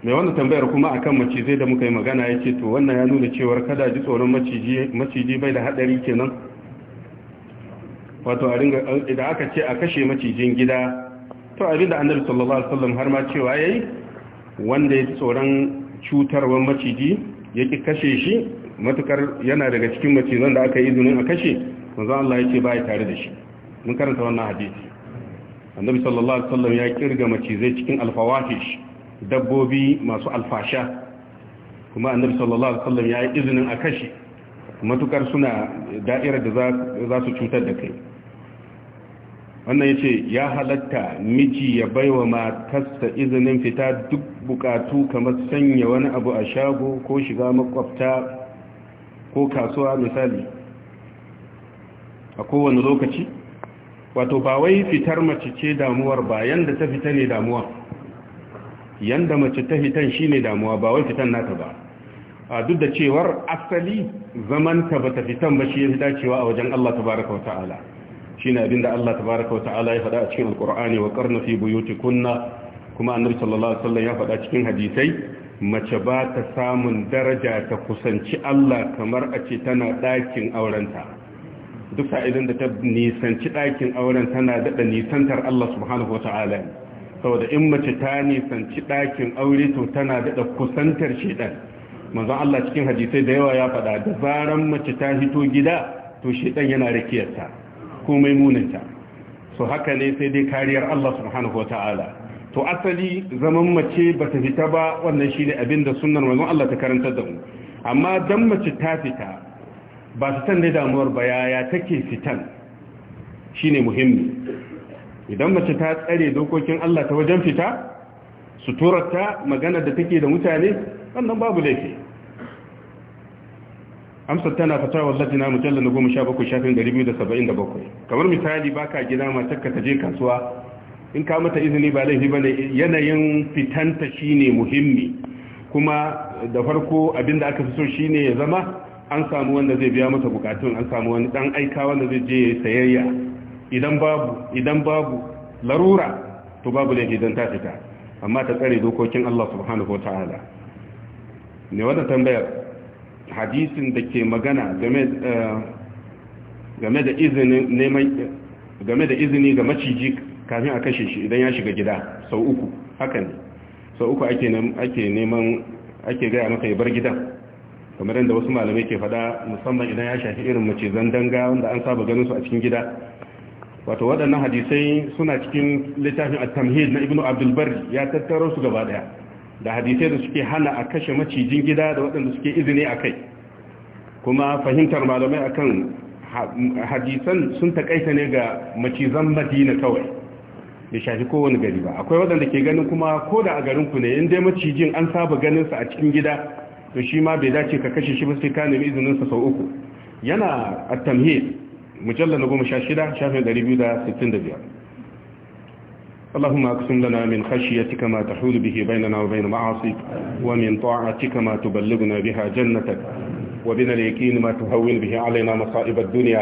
mai wanda tambayar kuma akan macizai da muka yi magana ya ce to wannan ya nuna cewar kada ji tsoron maciji bai da haɗari kenan wato idan aka ce a kashe macijin gida to abin da annabi sallallahu alaihi wasallam har ma cewa yayi wanda ya ji tsoron cutarwar maciji yake kashe shi matukar yana daga cikin macizan da aka yi izinin a kashe manzo Allah ya ce ba tare da shi mun karanta wannan hadisi annabi sallallahu alaihi wasallam ya kirga macizai cikin alfawafish dabbobi masu alfasha kuma annabi sallallahu alaihi wasallam ya yi izinin a kashe matukar suna da'irar da za su cutar da kai wannan yace ya halatta miji ya baiwa matarsa izinin fita duk bukatu kamar sanya wani abu a shago ko shiga makwabta ko kasuwa misali a kowane lokaci wato ba wai fitar mace ce damuwar ba yanda ta fita ne damuwa yanda mace ta fitan ne damuwa ba wai fitan nata ba a duk da cewar asali zamanta ta fitan ba shi ya fi dacewa a wajen Allah tabaraka Shi ne abinda Allah tabaraka ta'ala ya faɗa a cikin alqur'ani wa qarna fi buyutikunna kuma annabi sallallahu alaihi wasallam ya faɗa cikin hadisai mace ba ta samun daraja ta kusanci Allah kamar a ce tana ɗakin aurenta duk idan da ta nisanci ɗakin auren tana daɗa nisantar Allah subhanahu wa ta'ala da in mace ta nisanci ɗakin aure to tana daɗa kusantar shi ɗan, manzon Allah cikin hadisai da yawa ya faɗa da zaran mace ta hito gida to shi ɗan yana rikiyarta komai muninta so haka ne sai dai kariyar Allah subhanahu wa ta'ala to asali zaman mace ba ta fita ba wannan shi ne abin sunan wajen Allah ta karanta da mu amma dan mace ta fita ba su san damuwar ba yaya take fitan shi ne muhimmi idan mace ta tsare dokokin Allah ta wajen fita su turarta magana da take da mutane wannan babu laifi amsar tana fata wallafi na mujallar 17 shafin dari kamar misali baka gida mace ka ta je kasuwa in ka mata izini ba laifi ba ne yanayin fitanta shi ne muhimmi kuma da farko abin da aka fi so shi ne ya zama an samu wanda zai biya mata bukatun an samu wani dan aika wanda zai je sayayya idan babu idan babu larura to babu laifi don ta fita amma ta tsare dokokin Allah subhanahu wataala ne wata tambayar hadisin da ke magana game eh, da izini ga maciji kafin a kashe shi idan ya shiga gida sau uku haka ne sau uku ake neman ake gaya maka ya bar gidan kamar yadda wasu malamai ke fada musamman idan ya shafi irin mace zandanga wanda an saba ganin su a cikin gida wato waɗannan hadisai suna cikin littafin at-tamhid na ibnu abdul Bari ya tattaro su gaba daya da hadisai da suke hana a kashe macijin gida da waɗanda suke izini a kai kuma fahimtar malamai akan hadisan sun takaita ne ga macizan madina kawai bai shafi kowane gari ba akwai waɗanda ke ganin kuma ko da a garin ku ne in dai macijin an saba ganin sa a cikin gida to shi ma bai dace ka kashe shi ba sai ka nemi izinin sa sau uku yana at-tamhid mujallal 16 shafin 265 اللهم اقسم لنا من خشيتك ما تحول به بيننا وبين معاصيك ومن طاعتك ما تبلغنا بها جنتك وبنا اليقين ما تهون به علينا مصائب الدنيا